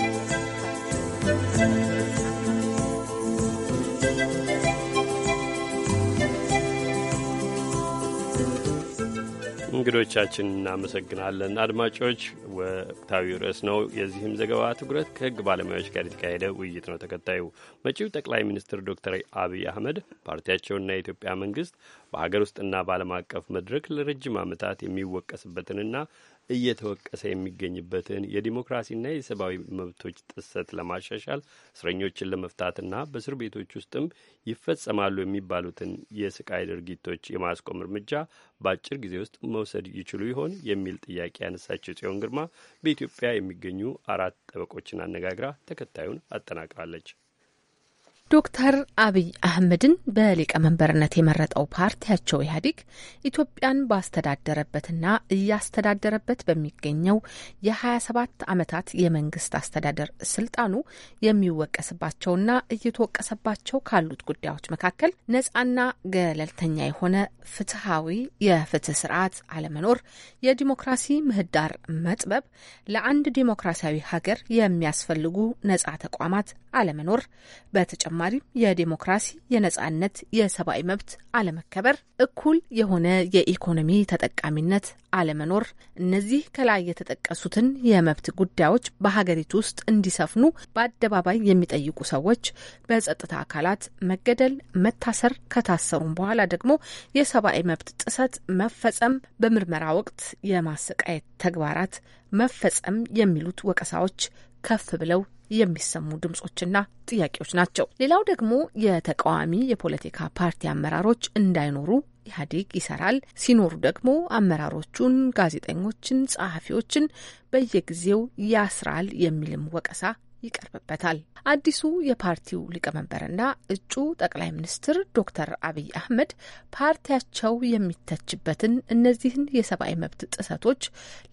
እንግዶቻችን እናመሰግናለን። አድማጮች፣ ወቅታዊ ርዕስ ነው። የዚህም ዘገባ ትኩረት ከህግ ባለሙያዎች ጋር የተካሄደ ውይይት ነው። ተከታዩ መጪው ጠቅላይ ሚኒስትር ዶክተር አብይ አህመድ ፓርቲያቸውና የኢትዮጵያ መንግስት በሀገር ውስጥና በዓለም አቀፍ መድረክ ለረጅም ዓመታት የሚወቀስበትንና እየተወቀሰ የሚገኝበትን የዲሞክራሲና የሰብአዊ መብቶች ጥሰት ለማሻሻል እስረኞችን ለመፍታትና በእስር ቤቶች ውስጥም ይፈጸማሉ የሚባሉትን የስቃይ ድርጊቶች የማስቆም እርምጃ በአጭር ጊዜ ውስጥ መውሰድ ይችሉ ይሆን የሚል ጥያቄ ያነሳችው ጽዮን ግርማ በኢትዮጵያ የሚገኙ አራት ጠበቆችን አነጋግራ ተከታዩን አጠናቅራለች። ዶክተር አብይ አህመድን በሊቀመንበርነት የመረጠው ፓርቲያቸው ኢህአዴግ ኢትዮጵያን ባስተዳደረበትና እያስተዳደረበት በሚገኘው የ27 ዓመታት የመንግስት አስተዳደር ስልጣኑ የሚወቀስባቸውና እየተወቀሰባቸው ካሉት ጉዳዮች መካከል ነጻና ገለልተኛ የሆነ ፍትሐዊ የፍትህ ስርዓት አለመኖር፣ የዲሞክራሲ ምህዳር መጥበብ፣ ለአንድ ዲሞክራሲያዊ ሀገር የሚያስፈልጉ ነጻ ተቋማት አለመኖር በተጨማ በተጨማሪም የዴሞክራሲ፣ የነጻነት፣ የሰብአዊ መብት አለመከበር፣ እኩል የሆነ የኢኮኖሚ ተጠቃሚነት አለመኖር፣ እነዚህ ከላይ የተጠቀሱትን የመብት ጉዳዮች በሀገሪቱ ውስጥ እንዲሰፍኑ በአደባባይ የሚጠይቁ ሰዎች በጸጥታ አካላት መገደል፣ መታሰር፣ ከታሰሩም በኋላ ደግሞ የሰብአዊ መብት ጥሰት መፈጸም፣ በምርመራ ወቅት የማሰቃየት ተግባራት መፈጸም የሚሉት ወቀሳዎች ከፍ ብለው የሚሰሙ ድምጾችና ጥያቄዎች ናቸው። ሌላው ደግሞ የተቃዋሚ የፖለቲካ ፓርቲ አመራሮች እንዳይኖሩ ኢህአዴግ ይሰራል። ሲኖሩ ደግሞ አመራሮቹን፣ ጋዜጠኞችን፣ ጸሐፊዎችን በየጊዜው ያስራል የሚልም ወቀሳ ይቀርብበታል። አዲሱ የፓርቲው ሊቀመንበርና እጩ ጠቅላይ ሚኒስትር ዶክተር አብይ አህመድ ፓርቲያቸው የሚተችበትን እነዚህን የሰብአዊ መብት ጥሰቶች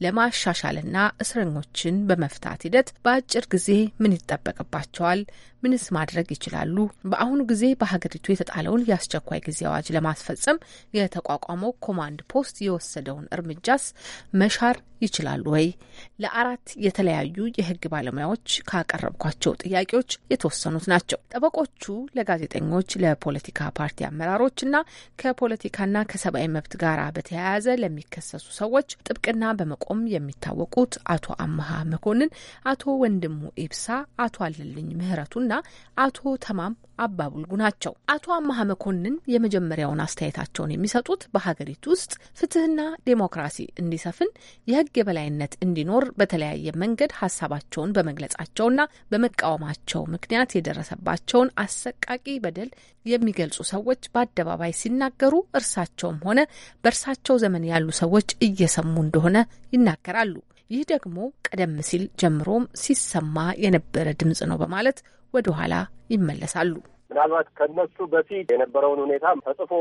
ለማሻሻልና እስረኞችን በመፍታት ሂደት በአጭር ጊዜ ምን ይጠበቅባቸዋል? ምንስ ማድረግ ይችላሉ? በአሁኑ ጊዜ በሀገሪቱ የተጣለውን የአስቸኳይ ጊዜ አዋጅ ለማስፈጸም የተቋቋመው ኮማንድ ፖስት የወሰደውን እርምጃስ መሻር ይችላሉ ወይ? ለአራት የተለያዩ የህግ ባለሙያዎች ካቀ ያቀረብኳቸው ጥያቄዎች የተወሰኑት ናቸው። ጠበቆቹ ለጋዜጠኞች፣ ለፖለቲካ ፓርቲ አመራሮች እና ከፖለቲካና ከሰብአዊ መብት ጋር በተያያዘ ለሚከሰሱ ሰዎች ጥብቅና በመቆም የሚታወቁት አቶ አመሀ መኮንን፣ አቶ ወንድሙ ኤብሳ፣ አቶ አለልኝ ምህረቱና አቶ ተማም አባ ቡልጉ ናቸው። አቶ አማሀ መኮንን የመጀመሪያውን አስተያየታቸውን የሚሰጡት በሀገሪቱ ውስጥ ፍትህና ዴሞክራሲ እንዲሰፍን የህግ የበላይነት እንዲኖር በተለያየ መንገድ ሀሳባቸውን በመግለጻቸውና በመቃወማቸው ምክንያት የደረሰባቸውን አሰቃቂ በደል የሚገልጹ ሰዎች በአደባባይ ሲናገሩ እርሳቸውም ሆነ በእርሳቸው ዘመን ያሉ ሰዎች እየሰሙ እንደሆነ ይናገራሉ። ይህ ደግሞ ቀደም ሲል ጀምሮም ሲሰማ የነበረ ድምጽ ነው በማለት ወደ ኋላ ይመለሳሉ። ምናልባት ከነሱ በፊት የነበረውን ሁኔታ ተጽፎ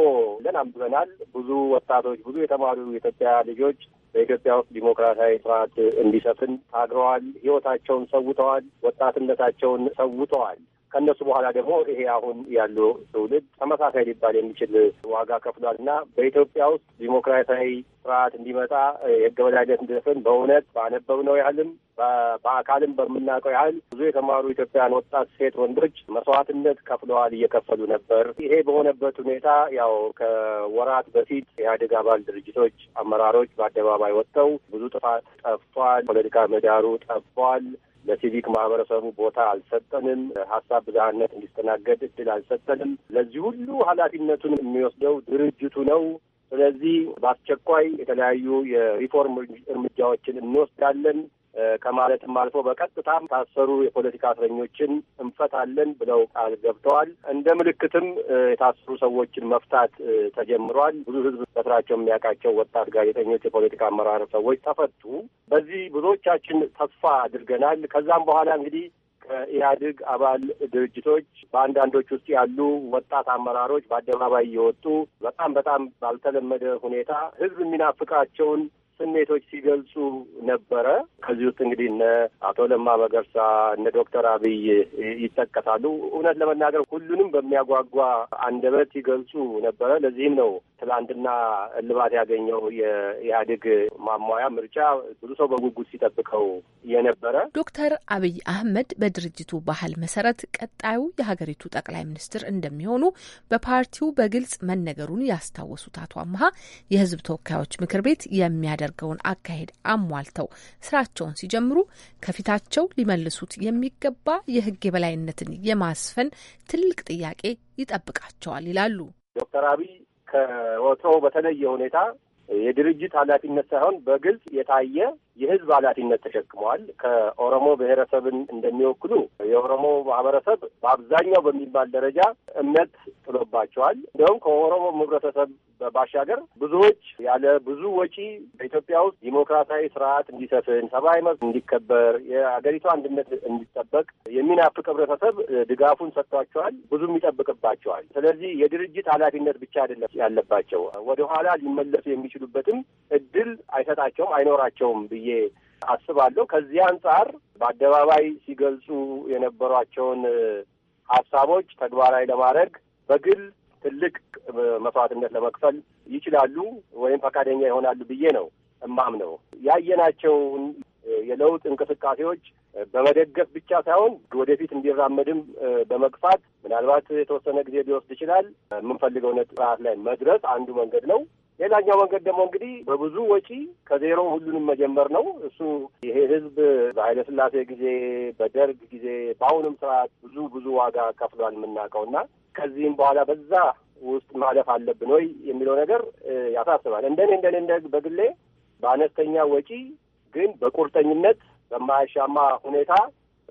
ለን አንብበናል። ብዙ ወጣቶች፣ ብዙ የተማሩ የኢትዮጵያ ልጆች በኢትዮጵያ ውስጥ ዲሞክራሲያዊ ስርዓት እንዲሰፍን ታግረዋል። ህይወታቸውን ሰውተዋል። ወጣትነታቸውን ሰውተዋል። ከእነሱ በኋላ ደግሞ ይሄ አሁን ያሉ ትውልድ ተመሳሳይ ሊባል የሚችል ዋጋ ከፍሏል እና በኢትዮጵያ ውስጥ ዲሞክራሲያዊ ስርዓት እንዲመጣ የህገ በላይነት እንዲሰፍን በእውነት ባነበብነው ያህልም በአካልም በምናውቀው ያህል ብዙ የተማሩ ኢትዮጵያውያን ወጣት ሴት ወንዶች መስዋዕትነት ከፍለዋል፣ እየከፈሉ ነበር። ይሄ በሆነበት ሁኔታ ያው ከወራት በፊት የኢህአዴግ አባል ድርጅቶች አመራሮች በአደባባይ ወጥተው ብዙ ጥፋት ጠፍቷል፣ ፖለቲካ ምህዳሩ ጠፏል፣ ለሲቪክ ማህበረሰቡ ቦታ አልሰጠንም። ሀሳብ ብዝሃነት እንዲስተናገድ እድል አልሰጠንም። ለዚህ ሁሉ ኃላፊነቱን የሚወስደው ድርጅቱ ነው። ስለዚህ በአስቸኳይ የተለያዩ የሪፎርም እርምጃዎችን እንወስዳለን። ከማለትም አልፎ በቀጥታም ታሰሩ የፖለቲካ እስረኞችን እንፈታለን ብለው ቃል ገብተዋል። እንደ ምልክትም የታሰሩ ሰዎችን መፍታት ተጀምሯል። ብዙ ሕዝብ በስራቸው የሚያውቃቸው ወጣት ጋዜጠኞች፣ የፖለቲካ አመራር ሰዎች ተፈቱ። በዚህ ብዙዎቻችን ተስፋ አድርገናል። ከዛም በኋላ እንግዲህ ከኢህአዴግ አባል ድርጅቶች በአንዳንዶች ውስጥ ያሉ ወጣት አመራሮች በአደባባይ እየወጡ በጣም በጣም ባልተለመደ ሁኔታ ህዝብ የሚናፍቃቸውን ስሜቶች ሲገልጹ ነበረ። ከዚህ ውስጥ እንግዲህ እነ አቶ ለማ መገርሳ እነ ዶክተር አብይ ይጠቀሳሉ። እውነት ለመናገር ሁሉንም በሚያጓጓ አንደበት ይገልጹ ነበረ። ለዚህም ነው ትላንትና እልባት ያገኘው የኢህአዴግ ማሟያ ምርጫ ብዙ ሰው በጉጉት ሲጠብቀው የነበረ። ዶክተር አብይ አህመድ በድርጅቱ ባህል መሰረት ቀጣዩ የሀገሪቱ ጠቅላይ ሚኒስትር እንደሚሆኑ በፓርቲው በግልጽ መነገሩን ያስታወሱት አቶ አምሃ የህዝብ ተወካዮች ምክር ቤት የሚያደ የሚያደርገውን አካሄድ አሟልተው ስራቸውን ሲጀምሩ ከፊታቸው ሊመልሱት የሚገባ የህግ የበላይነትን የማስፈን ትልቅ ጥያቄ ይጠብቃቸዋል ይላሉ ዶክተር አብይ ከወትሮው በተለየ ሁኔታ የድርጅት ኃላፊነት ሳይሆን በግልጽ የታየ የህዝብ ኃላፊነት ተሸክመዋል። ከኦሮሞ ብሔረሰብን እንደሚወክሉ የኦሮሞ ማህበረሰብ በአብዛኛው በሚባል ደረጃ እምነት ጥሎባቸዋል። እንዲሁም ከኦሮሞ ህብረተሰብ ባሻገር ብዙዎች ያለ ብዙ ወጪ በኢትዮጵያ ውስጥ ዲሞክራሲያዊ ስርዓት እንዲሰፍን፣ ሰብአዊ መብት እንዲከበር፣ የሀገሪቷ አንድነት እንዲጠበቅ የሚናፍቅ ህብረተሰብ ድጋፉን ሰጥቷቸዋል። ብዙም ይጠብቅባቸዋል። ስለዚህ የድርጅት ኃላፊነት ብቻ አይደለም ያለባቸው ወደኋላ ሊመለሱ የሚችሉበትም እድል አይሰጣቸውም፣ አይኖራቸውም ብዬ ብዬ አስባለሁ። ከዚህ አንጻር በአደባባይ ሲገልጹ የነበሯቸውን ሀሳቦች ተግባራዊ ለማድረግ በግል ትልቅ መስዋዕትነት ለመክፈል ይችላሉ ወይም ፈቃደኛ ይሆናሉ ብዬ ነው ነው ያየናቸውን የለውጥ እንቅስቃሴዎች በመደገፍ ብቻ ሳይሆን ወደፊት እንዲራመድም በመግፋት ምናልባት የተወሰነ ጊዜ ሊወስድ ይችላል። የምንፈልገው ነት ጥራት ላይ መድረስ አንዱ መንገድ ነው። ሌላኛው መንገድ ደግሞ እንግዲህ በብዙ ወጪ ከዜሮ ሁሉንም መጀመር ነው። እሱ ይሄ ህዝብ በኃይለ ስላሴ ጊዜ፣ በደርግ ጊዜ፣ በአሁንም ሰዓት ብዙ ብዙ ዋጋ ከፍሏል የምናውቀው እና ከዚህም በኋላ በዛ ውስጥ ማለፍ አለብን ወይ የሚለው ነገር ያሳስባል። እንደኔ እንደኔ እንደ በግሌ በአነስተኛ ወጪ ግን በቁርጠኝነት በማያሻማ ሁኔታ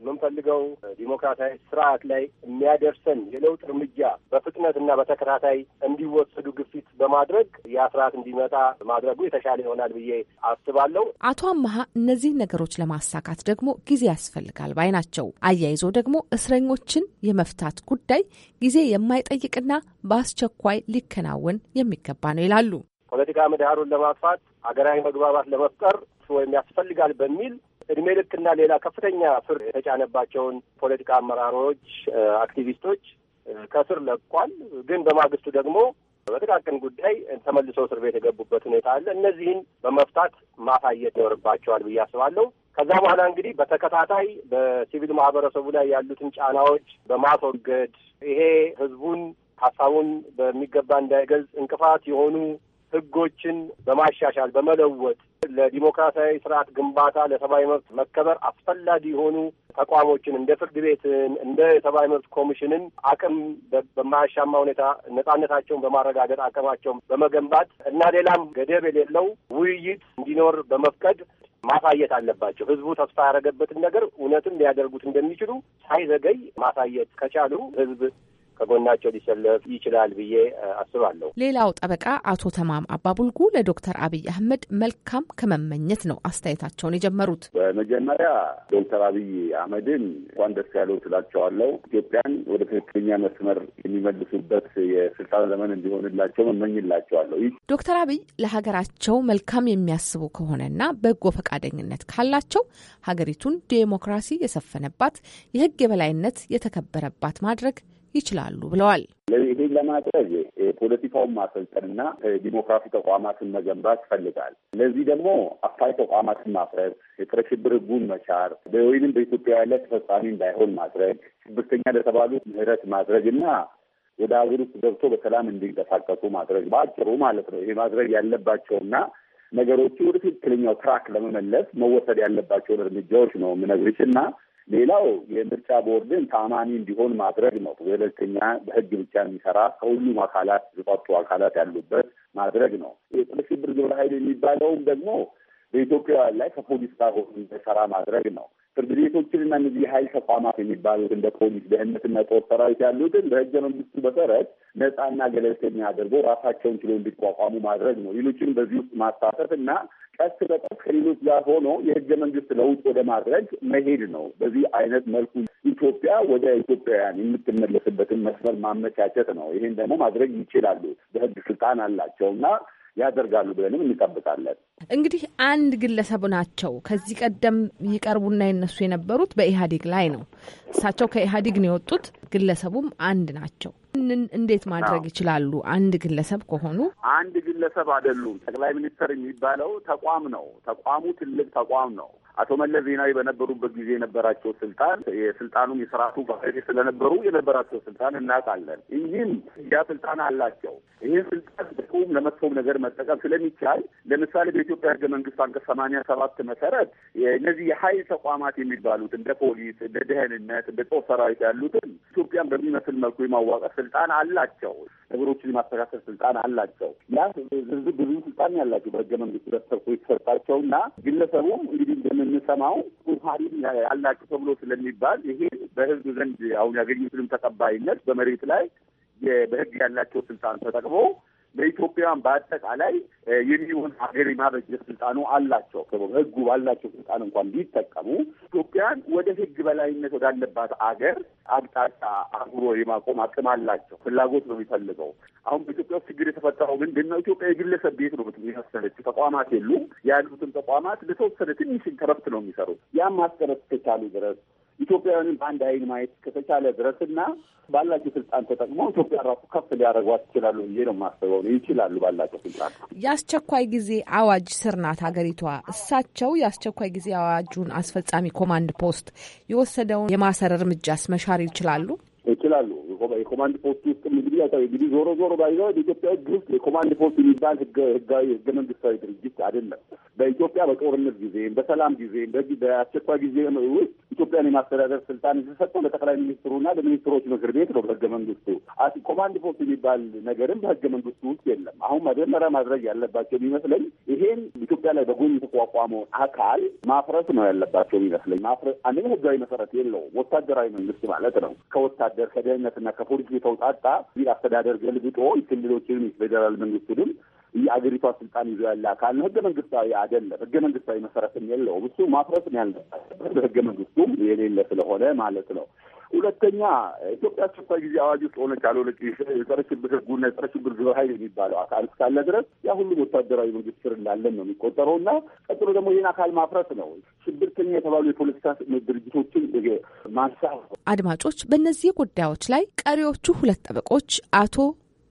የምንፈልገው ዲሞክራሲያዊ ስርዓት ላይ የሚያደርሰን የለውጥ እርምጃ በፍጥነትና በተከታታይ እንዲወሰዱ ግፊት በማድረግ ያ ስርዓት እንዲመጣ ማድረጉ የተሻለ ይሆናል ብዬ አስባለሁ። አቶ አመሀ እነዚህ ነገሮች ለማሳካት ደግሞ ጊዜ ያስፈልጋል ባይ ናቸው። አያይዞ ደግሞ እስረኞችን የመፍታት ጉዳይ ጊዜ የማይጠይቅና በአስቸኳይ ሊከናወን የሚገባ ነው ይላሉ። ፖለቲካ ምህዳሩን ለማጥፋት ሀገራዊ መግባባት ለመፍጠር ወይም ያስፈልጋል በሚል እድሜ ልክና ሌላ ከፍተኛ ፍርድ የተጫነባቸውን ፖለቲካ አመራሮች፣ አክቲቪስቶች ከስር ለቋል። ግን በማግስቱ ደግሞ በጥቃቅን ጉዳይ ተመልሰው እስር ቤት የገቡበት ሁኔታ አለ። እነዚህን በመፍታት ማሳየት ይኖርባቸዋል ብዬ አስባለሁ። ከዛ በኋላ እንግዲህ በተከታታይ በሲቪል ማህበረሰቡ ላይ ያሉትን ጫናዎች በማስወገድ ይሄ ህዝቡን ሀሳቡን በሚገባ እንዳይገልጽ እንቅፋት የሆኑ ህጎችን በማሻሻል በመለወጥ ለዲሞክራሲያዊ ስርዓት ግንባታ ለሰብአዊ መብት መከበር አስፈላጊ የሆኑ ተቋሞችን እንደ ፍርድ ቤትን እንደ የሰብአዊ መብት ኮሚሽንን አቅም በማያሻማ ሁኔታ ነጻነታቸውን በማረጋገጥ አቅማቸውን በመገንባት እና ሌላም ገደብ የሌለው ውይይት እንዲኖር በመፍቀድ ማሳየት አለባቸው። ህዝቡ ተስፋ ያደረገበትን ነገር እውነትም ሊያደርጉት እንደሚችሉ ሳይዘገይ ማሳየት ከቻሉ ህዝብ ከጎናቸው ሊሰለፍ ይችላል ብዬ አስባለሁ። ሌላው ጠበቃ አቶ ተማም አባቡልጉ ለዶክተር አብይ አህመድ መልካም ከመመኘት ነው አስተያየታቸውን የጀመሩት። በመጀመሪያ ዶክተር አብይ አህመድን እንኳን ደስ ያለው ስላቸዋለው ኢትዮጵያን ወደ ትክክለኛ መስመር የሚመልሱበት የስልጣን ዘመን እንዲሆንላቸው መመኝላቸዋለሁ። ዶክተር አብይ ለሀገራቸው መልካም የሚያስቡ ከሆነና በጎ ፈቃደኝነት ካላቸው ሀገሪቱን ዴሞክራሲ የሰፈነባት የህግ የበላይነት የተከበረባት ማድረግ ይችላሉ ብለዋል። ይህን ለማድረግ የፖለቲካውን ማሰልጠንና ዲሞክራሲ ተቋማትን መገንባት ይፈልጋል። ለዚህ ደግሞ አፋኝ ተቋማትን ማፍረስ፣ የፀረ ሽብር ህጉን መቻር፣ ወይንም በኢትዮጵያ ያለ ተፈጻሚ እንዳይሆን ማድረግ፣ ሽብርተኛ ለተባሉ ምህረት ማድረግ እና ወደ ሀገር ውስጥ ገብቶ በሰላም እንዲንቀሳቀሱ ማድረግ በአጭሩ ማለት ነው። ይሄ ማድረግ ያለባቸውና ነገሮቹ ወደ ትክክለኛው ትራክ ለመመለስ መወሰድ ያለባቸውን እርምጃዎች ነው የምነግርሽ እና ሌላው የምርጫ ቦርድን ታማኒ እንዲሆን ማድረግ ነው። ገለልተኛ በህግ ብቻ የሚሰራ ከሁሉም አካላት የተውጣጡ አካላት ያሉበት ማድረግ ነው። የጸረ ሽብር ግብረ ኃይል የሚባለውም ደግሞ በኢትዮጵያ ላይ ከፖሊስ ጋር ሆኖ እንዲሰራ ማድረግ ነው። ፍርድ ቤቶችንና እነዚህ የሀይል ተቋማት የሚባሉት እንደ ፖሊስ፣ ደህንነትና ጦር ሰራዊት ያሉትን በህገ መንግስቱ መሰረት ነፃና ገለልተኛ አድርጎ ራሳቸውን ችሎ እንዲቋቋሙ ማድረግ ነው። ሌሎችን በዚህ ውስጥ ማሳተፍ እና ቀስ በቀስ ከሌሎች ጋር ሆኖ የህገ መንግስት ለውጥ ወደ ማድረግ መሄድ ነው። በዚህ አይነት መልኩ ኢትዮጵያ ወደ ኢትዮጵያውያን የምትመለስበትን መስመር ማመቻቸት ነው። ይሄን ደግሞ ማድረግ ይችላሉ። በህግ ስልጣን አላቸው እና ያደርጋሉ ብለንም እንጠብቃለን። እንግዲህ አንድ ግለሰብ ናቸው። ከዚህ ቀደም ይቀርቡና ይነሱ የነበሩት በኢህአዴግ ላይ ነው። እሳቸው ከኢህአዴግ ነው የወጡት። ግለሰቡም አንድ ናቸው። እንዴት ማድረግ ይችላሉ? አንድ ግለሰብ ከሆኑ አንድ ግለሰብ አይደሉም። ጠቅላይ ሚኒስትር የሚባለው ተቋም ነው። ተቋሙ ትልቅ ተቋም ነው። አቶ መለስ ዜናዊ በነበሩበት ጊዜ የነበራቸው ስልጣን የስልጣኑም የስርዓቱ ባህሪ ስለነበሩ የነበራቸው ስልጣን እናውቃለን። ይህም ያ ስልጣን አላቸው። ይህን ስልጣን ጥቁም ለመጥፎም ነገር መጠቀም ስለሚቻል ለምሳሌ በኢትዮጵያ ሕገ መንግስት አንቀጽ ሰማንያ ሰባት መሰረት እነዚህ የሀይል ተቋማት የሚባሉት እንደ ፖሊስ፣ እንደ ደህንነት፣ እንደ ጦር ሰራዊት ያሉትን ኢትዮጵያን በሚመስል መልኩ የማዋቀር ስልጣን አላቸው። ነገሮችን የማስተካከል ስልጣን አላቸው። ያ ህዝብ ብዙ ስልጣን ያላቸው በህገ መንግስት ተሰርፎ የተሰጣቸው እና ግለሰቡም እንግዲህ እንደምንሰማው ሀሪም አላቸው ተብሎ ስለሚባል ይሄ በህዝብ ዘንድ አሁን ያገኙትንም ተቀባይነት በመሬት ላይ በህግ ያላቸው ስልጣን ተጠቅመው በኢትዮጵያን በአጠቃላይ የሚሆን ሀገር የማበጀት ስልጣኑ አላቸው። ህጉ ባላቸው ስልጣን እንኳን ቢጠቀሙ ኢትዮጵያን ወደ ህግ በላይነት ወዳለባት አገር አቅጣጫ አጉሮ የማቆም አቅም አላቸው። ፍላጎት ነው የሚፈልገው። አሁን በኢትዮጵያ ውስጥ ችግር የተፈጠረው ምንድን ነው? ኢትዮጵያ የግለሰብ ቤት ነው የመሰለችው። ተቋማት የሉም። ያሉትን ተቋማት ለተወሰነ ትንሽ ከረፍት ነው የሚሰሩት። ያም ማስቀረት እስከቻሉ ድረስ ኢትዮጵያውያንን በአንድ አይን ማየት ከተቻለ ድረስና ባላቸው ስልጣን ተጠቅመው ኢትዮጵያ ራሱ ከፍ ሊያደረጓት ይችላሉ ብዬ ነው የማስበው። ነው ይችላሉ፣ ባላቸው ስልጣን። የአስቸኳይ ጊዜ አዋጅ ስር ናት ሀገሪቷ። እሳቸው የአስቸኳይ ጊዜ አዋጁን አስፈጻሚ ኮማንድ ፖስት የወሰደውን የማሰር እርምጃስ መሻር ይችላሉ? ይችላሉ። የኮማንድ ፖስት ውስጥ እንግዲህ ያው እንግዲህ ዞሮ ዞሮ ባይዘው በኢትዮጵያ ሕግ ውስጥ የኮማንድ ፖስት የሚባል ህጋዊ ህገ መንግስታዊ ድርጅት አይደለም። በኢትዮጵያ በጦርነት ጊዜም በሰላም ጊዜም በአስቸኳይ ጊዜ ውስጥ ኢትዮጵያን የማስተዳደር ስልጣን የተሰጠው ለጠቅላይ ሚኒስትሩና ለሚኒስትሮች ምክር ቤት ነው በህገ መንግስቱ። ኮማንድ ፖስት የሚባል ነገርም በህገ መንግስቱ ውስጥ የለም። አሁን መጀመሪያ ማድረግ ያለባቸው የሚመስለኝ ይሄን ኢትዮጵያ ላይ በጎን የተቋቋመው አካል ማፍረስ ነው ያለባቸው የሚመስለኝ። ማፍረስ አንደኛ ህጋዊ መሰረት የለውም። ወታደራዊ መንግስት ማለት ነው ከወታደ አስተዳደር ከደህንነትና ከፖሊስ የተውጣጣ ይህ አስተዳደር ገልብጦ ክልሎችን ፌዴራል መንግስትንም የአገሪቷ ስልጣን ይዞ ያለ አካል ነው። ህገ መንግስታዊ አይደለም። ህገ መንግስታዊ መሰረትም የለውም። እሱ ማፍረስ ነው በህገ መንግስቱም የሌለ ስለሆነ ማለት ነው። ሁለተኛ ኢትዮጵያ አስቸኳይ ጊዜ አዋጅ ውስጥ ሆነች አልሆነች የጸረ ሽብር ህጉና የጸረ ሽብር ግብረ ኃይል የሚባለው አካል እስካለ ድረስ ያ ሁሉም ወታደራዊ መንግስት ስር እንዳለን ነው የሚቆጠረው እና ቀጥሎ ደግሞ ይህን አካል ማፍረስ ነው። ሽብርተኛ የተባሉ የፖለቲካ ድርጅቶችን ማንሳት። አድማጮች፣ በእነዚህ ጉዳዮች ላይ ቀሪዎቹ ሁለት ጠበቆች አቶ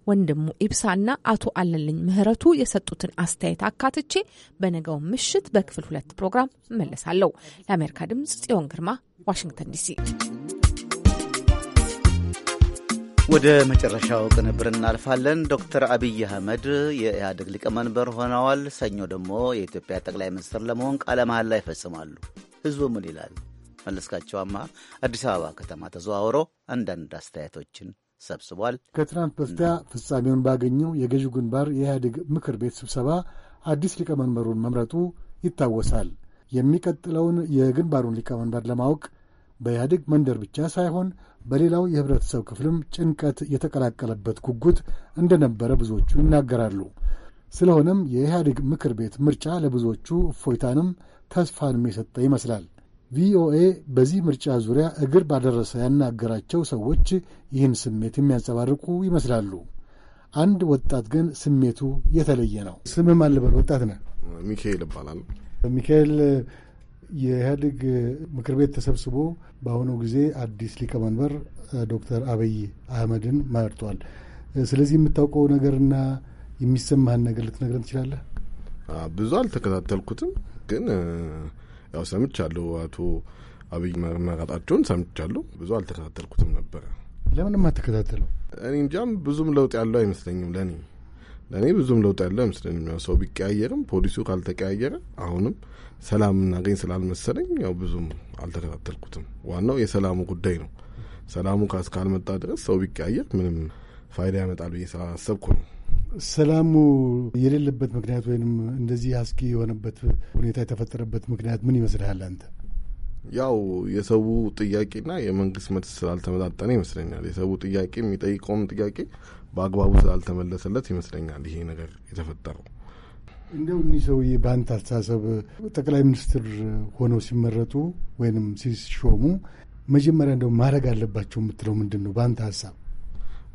ወንድሙ ኢብሳና አቶ አለልኝ ምህረቱ የሰጡትን አስተያየት አካትቼ በነገው ምሽት በክፍል ሁለት ፕሮግራም እመለሳለሁ። ለአሜሪካ ድምጽ ጽዮን ግርማ ዋሽንግተን ዲሲ ወደ መጨረሻው ቅንብር እናልፋለን። ዶክተር አብይ አህመድ የኢህአዴግ ሊቀመንበር ሆነዋል። ሰኞ ደግሞ የኢትዮጵያ ጠቅላይ ሚኒስትር ለመሆን ቃለ መሐላ ይፈጽማሉ። ህዝቡ ምን ይላል? መለስካቸው አማ አዲስ አበባ ከተማ ተዘዋውሮ አንዳንድ አስተያየቶችን ሰብስቧል። ከትናንት በስቲያ ፍጻሜውን ባገኘው የገዢው ግንባር የኢህአዴግ ምክር ቤት ስብሰባ አዲስ ሊቀመንበሩን መምረጡ ይታወሳል። የሚቀጥለውን የግንባሩን ሊቀመንበር ለማወቅ በኢህአዴግ መንደር ብቻ ሳይሆን በሌላው የህብረተሰብ ክፍልም ጭንቀት የተቀላቀለበት ጉጉት እንደነበረ ብዙዎቹ ይናገራሉ። ስለሆነም የኢህአዴግ ምክር ቤት ምርጫ ለብዙዎቹ እፎይታንም ተስፋንም የሰጠ ይመስላል። ቪኦኤ በዚህ ምርጫ ዙሪያ እግር ባደረሰ ያናገራቸው ሰዎች ይህን ስሜት የሚያንጸባርቁ ይመስላሉ። አንድ ወጣት ግን ስሜቱ የተለየ ነው። ስምም አልበል ወጣት ነህ? ሚካኤል ይባላል። ሚካኤል የኢህአዴግ ምክር ቤት ተሰብስቦ በአሁኑ ጊዜ አዲስ ሊቀመንበር ዶክተር አብይ አህመድን መርጧል። ስለዚህ የምታውቀው ነገርና የሚሰማህን ነገር ልትነግረን ትችላለህ? ብዙ አልተከታተልኩትም፣ ግን ያው ሰምቻለሁ። አቶ አብይ መራጣቸውን ሰምቻለሁ። ብዙ አልተከታተልኩትም ነበረ። ለምንም አልተከታተለው እኔ እንጃም፣ ብዙም ለውጥ ያለው አይመስለኝም። ለእኔ ለእኔ ብዙም ለውጥ ያለው አይመስለኝም። ሰው ቢቀያየርም ፖሊሱ ካልተቀያየረ አሁንም ሰላም እናገኝ ስላልመሰለኝ ያው ብዙም አልተከታተልኩትም። ዋናው የሰላሙ ጉዳይ ነው። ሰላሙ እስካልመጣ ድረስ ሰው ቢቀያየር ምንም ፋይዳ ያመጣል ብዬ ስላላሰብኩ ነው። ሰላሙ የሌለበት ምክንያት ወይም እንደዚህ አስጊ የሆነበት ሁኔታ የተፈጠረበት ምክንያት ምን ይመስልሃል አንተ? ያው የሰው ጥያቄና የመንግስት መልስ ስላልተመጣጠነ ይመስለኛል። የሰው ጥያቄ የሚጠይቀውም ጥያቄ በአግባቡ ስላልተመለሰለት ይመስለኛል ይሄ ነገር የተፈጠረው። እንደው እኒህ ሰውዬ በአንተ አስተሳሰብ ጠቅላይ ሚኒስትር ሆነው ሲመረጡ ወይንም ሲሾሙ መጀመሪያ እንደው ማድረግ አለባቸው የምትለው ምንድን ነው? በአንተ ሀሳብ።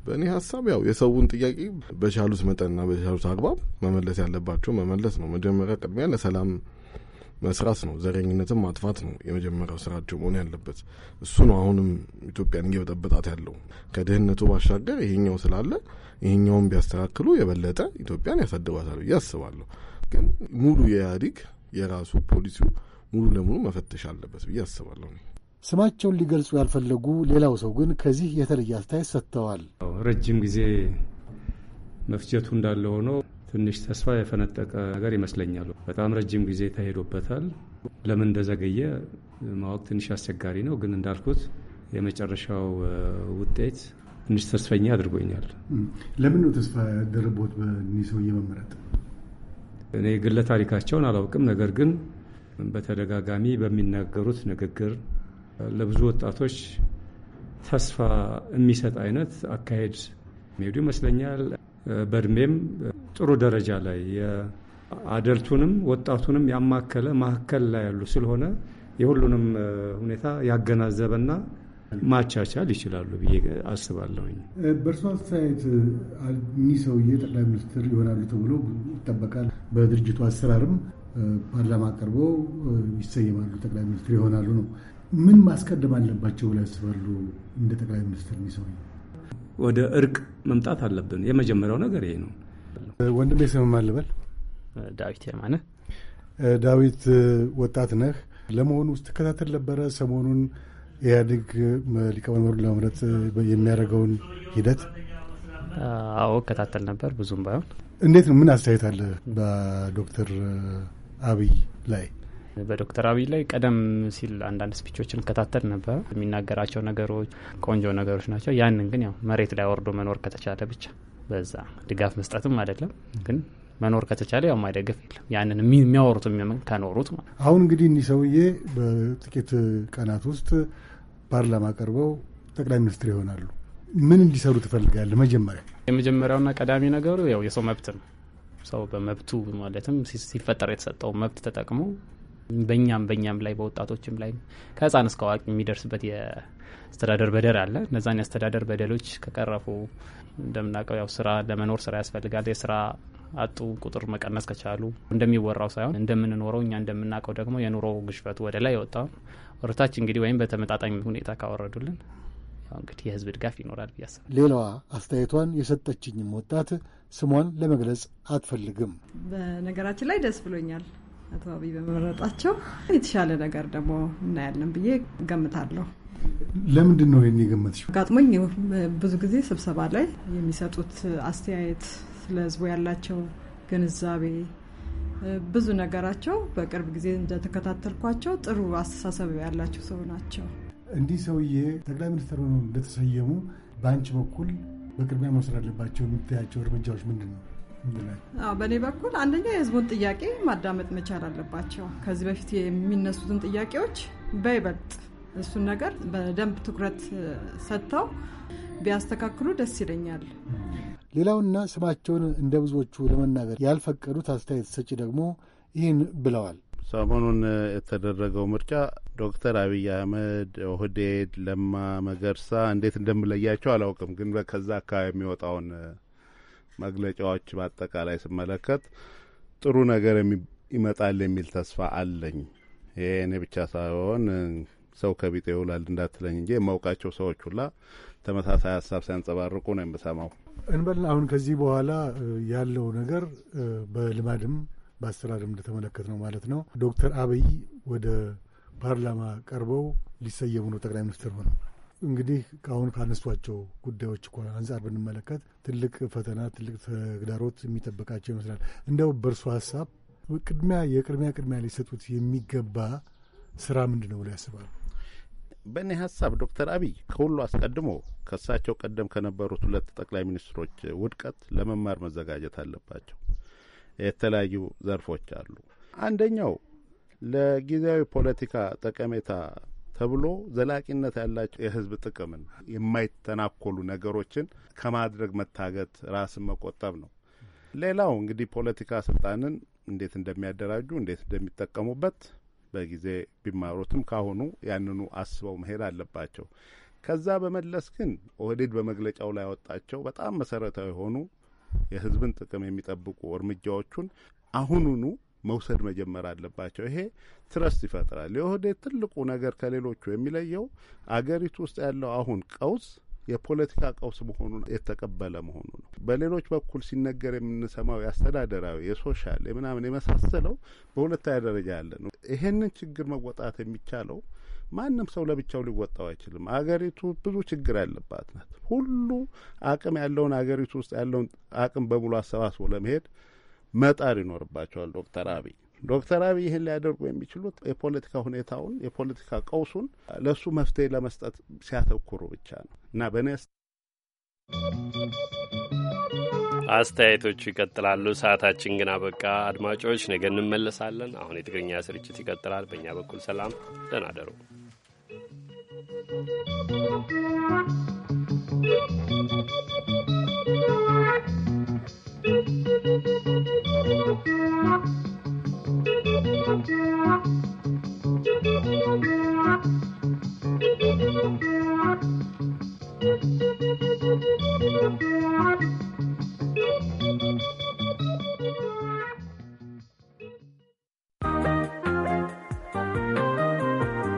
በእኔ ሀሳብ ያው የሰውን ጥያቄ በቻሉት መጠንና በቻሉት አግባብ መመለስ ያለባቸው መመለስ ነው። መጀመሪያ ቅድሚያ ለሰላም መስራት ነው። ዘረኝነትን ማጥፋት ነው የመጀመሪያው ስራቸው መሆን ያለበት እሱ ነው። አሁንም ኢትዮጵያን እየበጠበጣት ያለው ከድህነቱ ባሻገር ይሄኛው ስላለ ይሄኛውን ቢያስተካክሉ የበለጠ ኢትዮጵያን ያሳድባታል ብዬ አስባለሁ። ግን ሙሉ የኢህአዴግ የራሱ ፖሊሲው ሙሉ ለሙሉ መፈተሽ አለበት ብዬ አስባለሁ። ስማቸውን ሊገልጹ ያልፈለጉ ሌላው ሰው ግን ከዚህ የተለየ አስተያየት ሰጥተዋል። ረጅም ጊዜ መፍጀቱ እንዳለ ሆኖ ትንሽ ተስፋ የፈነጠቀ ነገር ይመስለኛል። በጣም ረጅም ጊዜ ተሄዶበታል። ለምን እንደዘገየ ማወቅ ትንሽ አስቸጋሪ ነው። ግን እንዳልኩት የመጨረሻው ውጤት ትንሽ ተስፈኛ አድርጎኛል። ለምን ነው ተስፋ ያደረቦት በእኒህ ሰውዬ መመረጥ? እኔ ግለ ታሪካቸውን አላውቅም። ነገር ግን በተደጋጋሚ በሚናገሩት ንግግር ለብዙ ወጣቶች ተስፋ የሚሰጥ አይነት አካሄድ ሄዱ ይመስለኛል። በእድሜም ጥሩ ደረጃ ላይ አደልቱንም ወጣቱንም ያማከለ ማዕከል ላይ ያሉ ስለሆነ የሁሉንም ሁኔታ ያገናዘበና ማቻቻል ይችላሉ ብዬ አስባለሁኝ። በእርሶ አስተያየት እኚህ ሰውዬ ጠቅላይ ሚኒስትር ይሆናሉ ተብሎ ይጠበቃል። በድርጅቱ አሰራርም ፓርላማ ቀርቦ ይሰየማሉ፣ ጠቅላይ ሚኒስትር ይሆናሉ ነው። ምን ማስቀደም አለባቸው ብለው ያስባሉ? እንደ ጠቅላይ ሚኒስትር እኚህ ሰውዬ ወደ እርቅ መምጣት አለብን። የመጀመሪያው ነገር ይሄ ነው። ወንድም ስምም አልበል ዳዊት የማነ ዳዊት ወጣት ነህ ለመሆኑ ስትከታተል ነበረ ሰሞኑን ኢህአዴግ ሊቀመንበሩን ለመምረጥ የሚያደርገውን ሂደት? አዎ እከታተል ነበር። ብዙም ባይሆን እንዴት ነው? ምን አስተያየት አለ በዶክተር አብይ ላይ? በዶክተር አብይ ላይ ቀደም ሲል አንዳንድ ስፒቾችን እከታተል ነበር። የሚናገራቸው ነገሮች ቆንጆ ነገሮች ናቸው። ያንን ግን ያው መሬት ላይ ወርዶ መኖር ከተቻለ ብቻ በዛ ድጋፍ መስጠትም አይደለም ግን መኖር ከተቻለ ያው ማይደገፍ የለም። ያንን የሚያወሩት ከኖሩት ማለት አሁን እንግዲህ እኒህ ሰውዬ በጥቂት ቀናት ውስጥ ፓርላማ ቀርበው ጠቅላይ ሚኒስትር ይሆናሉ። ምን እንዲሰሩ ትፈልጋለህ? መጀመሪያ የመጀመሪያውና ቀዳሚ ነገሩ ያው የሰው መብት ነው። ሰው በመብቱ ማለትም ሲፈጠር የተሰጠው መብት ተጠቅሞ በእኛም በእኛም ላይ በወጣቶችም ላይ ከህፃን እስከ አዋቂ የሚደርስበት የአስተዳደር በደል አለ። እነዛን የአስተዳደር በደሎች ከቀረፉ እንደምናውቀው ያው ስራ ለመኖር ስራ ያስፈልጋል። የስራ አጡ ቁጥር መቀነስ ከቻሉ እንደሚወራው ሳይሆን እንደምንኖረው እኛ እንደምናውቀው ደግሞ የኑሮ ግሽበቱ ወደ ላይ የወጣው ወረታች እንግዲህ ወይም በተመጣጣኝ ሁኔታ ካወረዱልን እንግዲህ የህዝብ ድጋፍ ይኖራል ብዬ አስባለሁ። ሌላዋ አስተያየቷን የሰጠችኝም ወጣት ስሟን ለመግለጽ አትፈልግም። በነገራችን ላይ ደስ ብሎኛል አቶ አብይ በመመረጣቸው የተሻለ ነገር ደግሞ እናያለን ብዬ ገምታለሁ። ለምንድን ነው ይህን የገመትሽው? አጋጥሞኝ ብዙ ጊዜ ስብሰባ ላይ የሚሰጡት አስተያየት ስለ ህዝቡ ያላቸው ግንዛቤ ብዙ ነገራቸው በቅርብ ጊዜ እንደተከታተልኳቸው ጥሩ አስተሳሰብ ያላቸው ሰው ናቸው። እንዲህ ሰውዬ ጠቅላይ ሚኒስትር ሆነው እንደተሰየሙ በአንቺ በኩል በቅድሚያ መውሰድ አለባቸው የምታያቸው እርምጃዎች ምንድን ነው? በእኔ በኩል አንደኛ የህዝቡን ጥያቄ ማዳመጥ መቻል አለባቸው። ከዚህ በፊት የሚነሱትን ጥያቄዎች በይበልጥ እሱን ነገር በደንብ ትኩረት ሰጥተው ቢያስተካክሉ ደስ ይለኛል። ሌላውና ስማቸውን እንደ ብዙዎቹ ለመናገር ያልፈቀዱት አስተያየት ሰጪ ደግሞ ይህን ብለዋል። ሰሞኑን የተደረገው ምርጫ ዶክተር አብይ አህመድ፣ ኦህዴድ፣ ለማ መገርሳ እንዴት እንደምለያቸው አላውቅም። ግን ከዛ አካባቢ የሚወጣውን መግለጫዎች በአጠቃላይ ስመለከት ጥሩ ነገር ይመጣል የሚል ተስፋ አለኝ። ይሄ እኔ ብቻ ሳይሆን ሰው ከቢጤ ይውላል እንዳትለኝ እንጂ የማውቃቸው ሰዎች ሁላ ተመሳሳይ ሀሳብ ሲያንጸባርቁ ነው የምሰማው። እንበል አሁን ከዚህ በኋላ ያለው ነገር በልማድም በአሰራርም ነው ማለት ነው። ዶክተር አብይ ወደ ፓርላማ ቀርበው ሊሰየሙ ነው ጠቅላይ ሚኒስትር ሆነው። እንግዲህ አሁን ካነሷቸው ጉዳዮች እኮ አንጻር ብንመለከት ትልቅ ፈተና፣ ትልቅ ተግዳሮት የሚጠበቃቸው ይመስላል። እንደው በእርሱ ሀሳብ ቅድሚያ የቅድሚያ ቅድሚያ ሊሰጡት የሚገባ ስራ ምንድን ነው ብሎ ያስባሉ? በእኔ ሀሳብ ዶክተር አብይ ከሁሉ አስቀድሞ ከእሳቸው ቀደም ከነበሩት ሁለት ጠቅላይ ሚኒስትሮች ውድቀት ለመማር መዘጋጀት አለባቸው። የተለያዩ ዘርፎች አሉ። አንደኛው ለጊዜያዊ ፖለቲካ ጠቀሜታ ተብሎ ዘላቂነት ያላቸው የህዝብ ጥቅምን የማይተናኮሉ ነገሮችን ከማድረግ መታገት፣ ራስን መቆጠብ ነው። ሌላው እንግዲህ ፖለቲካ ስልጣንን እንዴት እንደሚያደራጁ እንዴት እንደሚጠቀሙበት በጊዜ ቢማሩትም ካሁኑ ያንኑ አስበው መሄድ አለባቸው። ከዛ በመለስ ግን ኦህዴድ በመግለጫው ላይ ያወጣቸው በጣም መሰረታዊ የሆኑ የህዝብን ጥቅም የሚጠብቁ እርምጃዎቹን አሁኑኑ መውሰድ መጀመር አለባቸው። ይሄ ትረስት ይፈጥራል። የኦህዴድ ትልቁ ነገር ከሌሎቹ የሚለየው አገሪቱ ውስጥ ያለው አሁን ቀውስ የፖለቲካ ቀውስ መሆኑን የተቀበለ መሆኑ ነው። በሌሎች በኩል ሲነገር የምንሰማው የአስተዳደራዊ፣ የሶሻል የምናምን የመሳሰለው በሁለተኛ ደረጃ ያለ ነው። ይሄንን ችግር መወጣት የሚቻለው ማንም ሰው ለብቻው ሊወጣው አይችልም። አገሪቱ ብዙ ችግር ያለባት ናት። ሁሉ አቅም ያለውን አገሪቱ ውስጥ ያለውን አቅም በሙሉ አሰባስቦ ለመሄድ መጣር ይኖርባቸዋል ዶክተር አብይ ዶክተር አብይ ይህን ሊያደርጉ የሚችሉት የፖለቲካ ሁኔታውን የፖለቲካ ቀውሱን ለእሱ መፍትሄ ለመስጠት ሲያተኩሩ ብቻ ነው እና በእኔ አስተያየቶቹ ይቀጥላሉ። ሰዓታችን ግን አበቃ። አድማጮች፣ ነገ እንመለሳለን። አሁን የትግርኛ ስርጭት ይቀጥላል። በእኛ በኩል ሰላም፣ ደህና you. Thank you.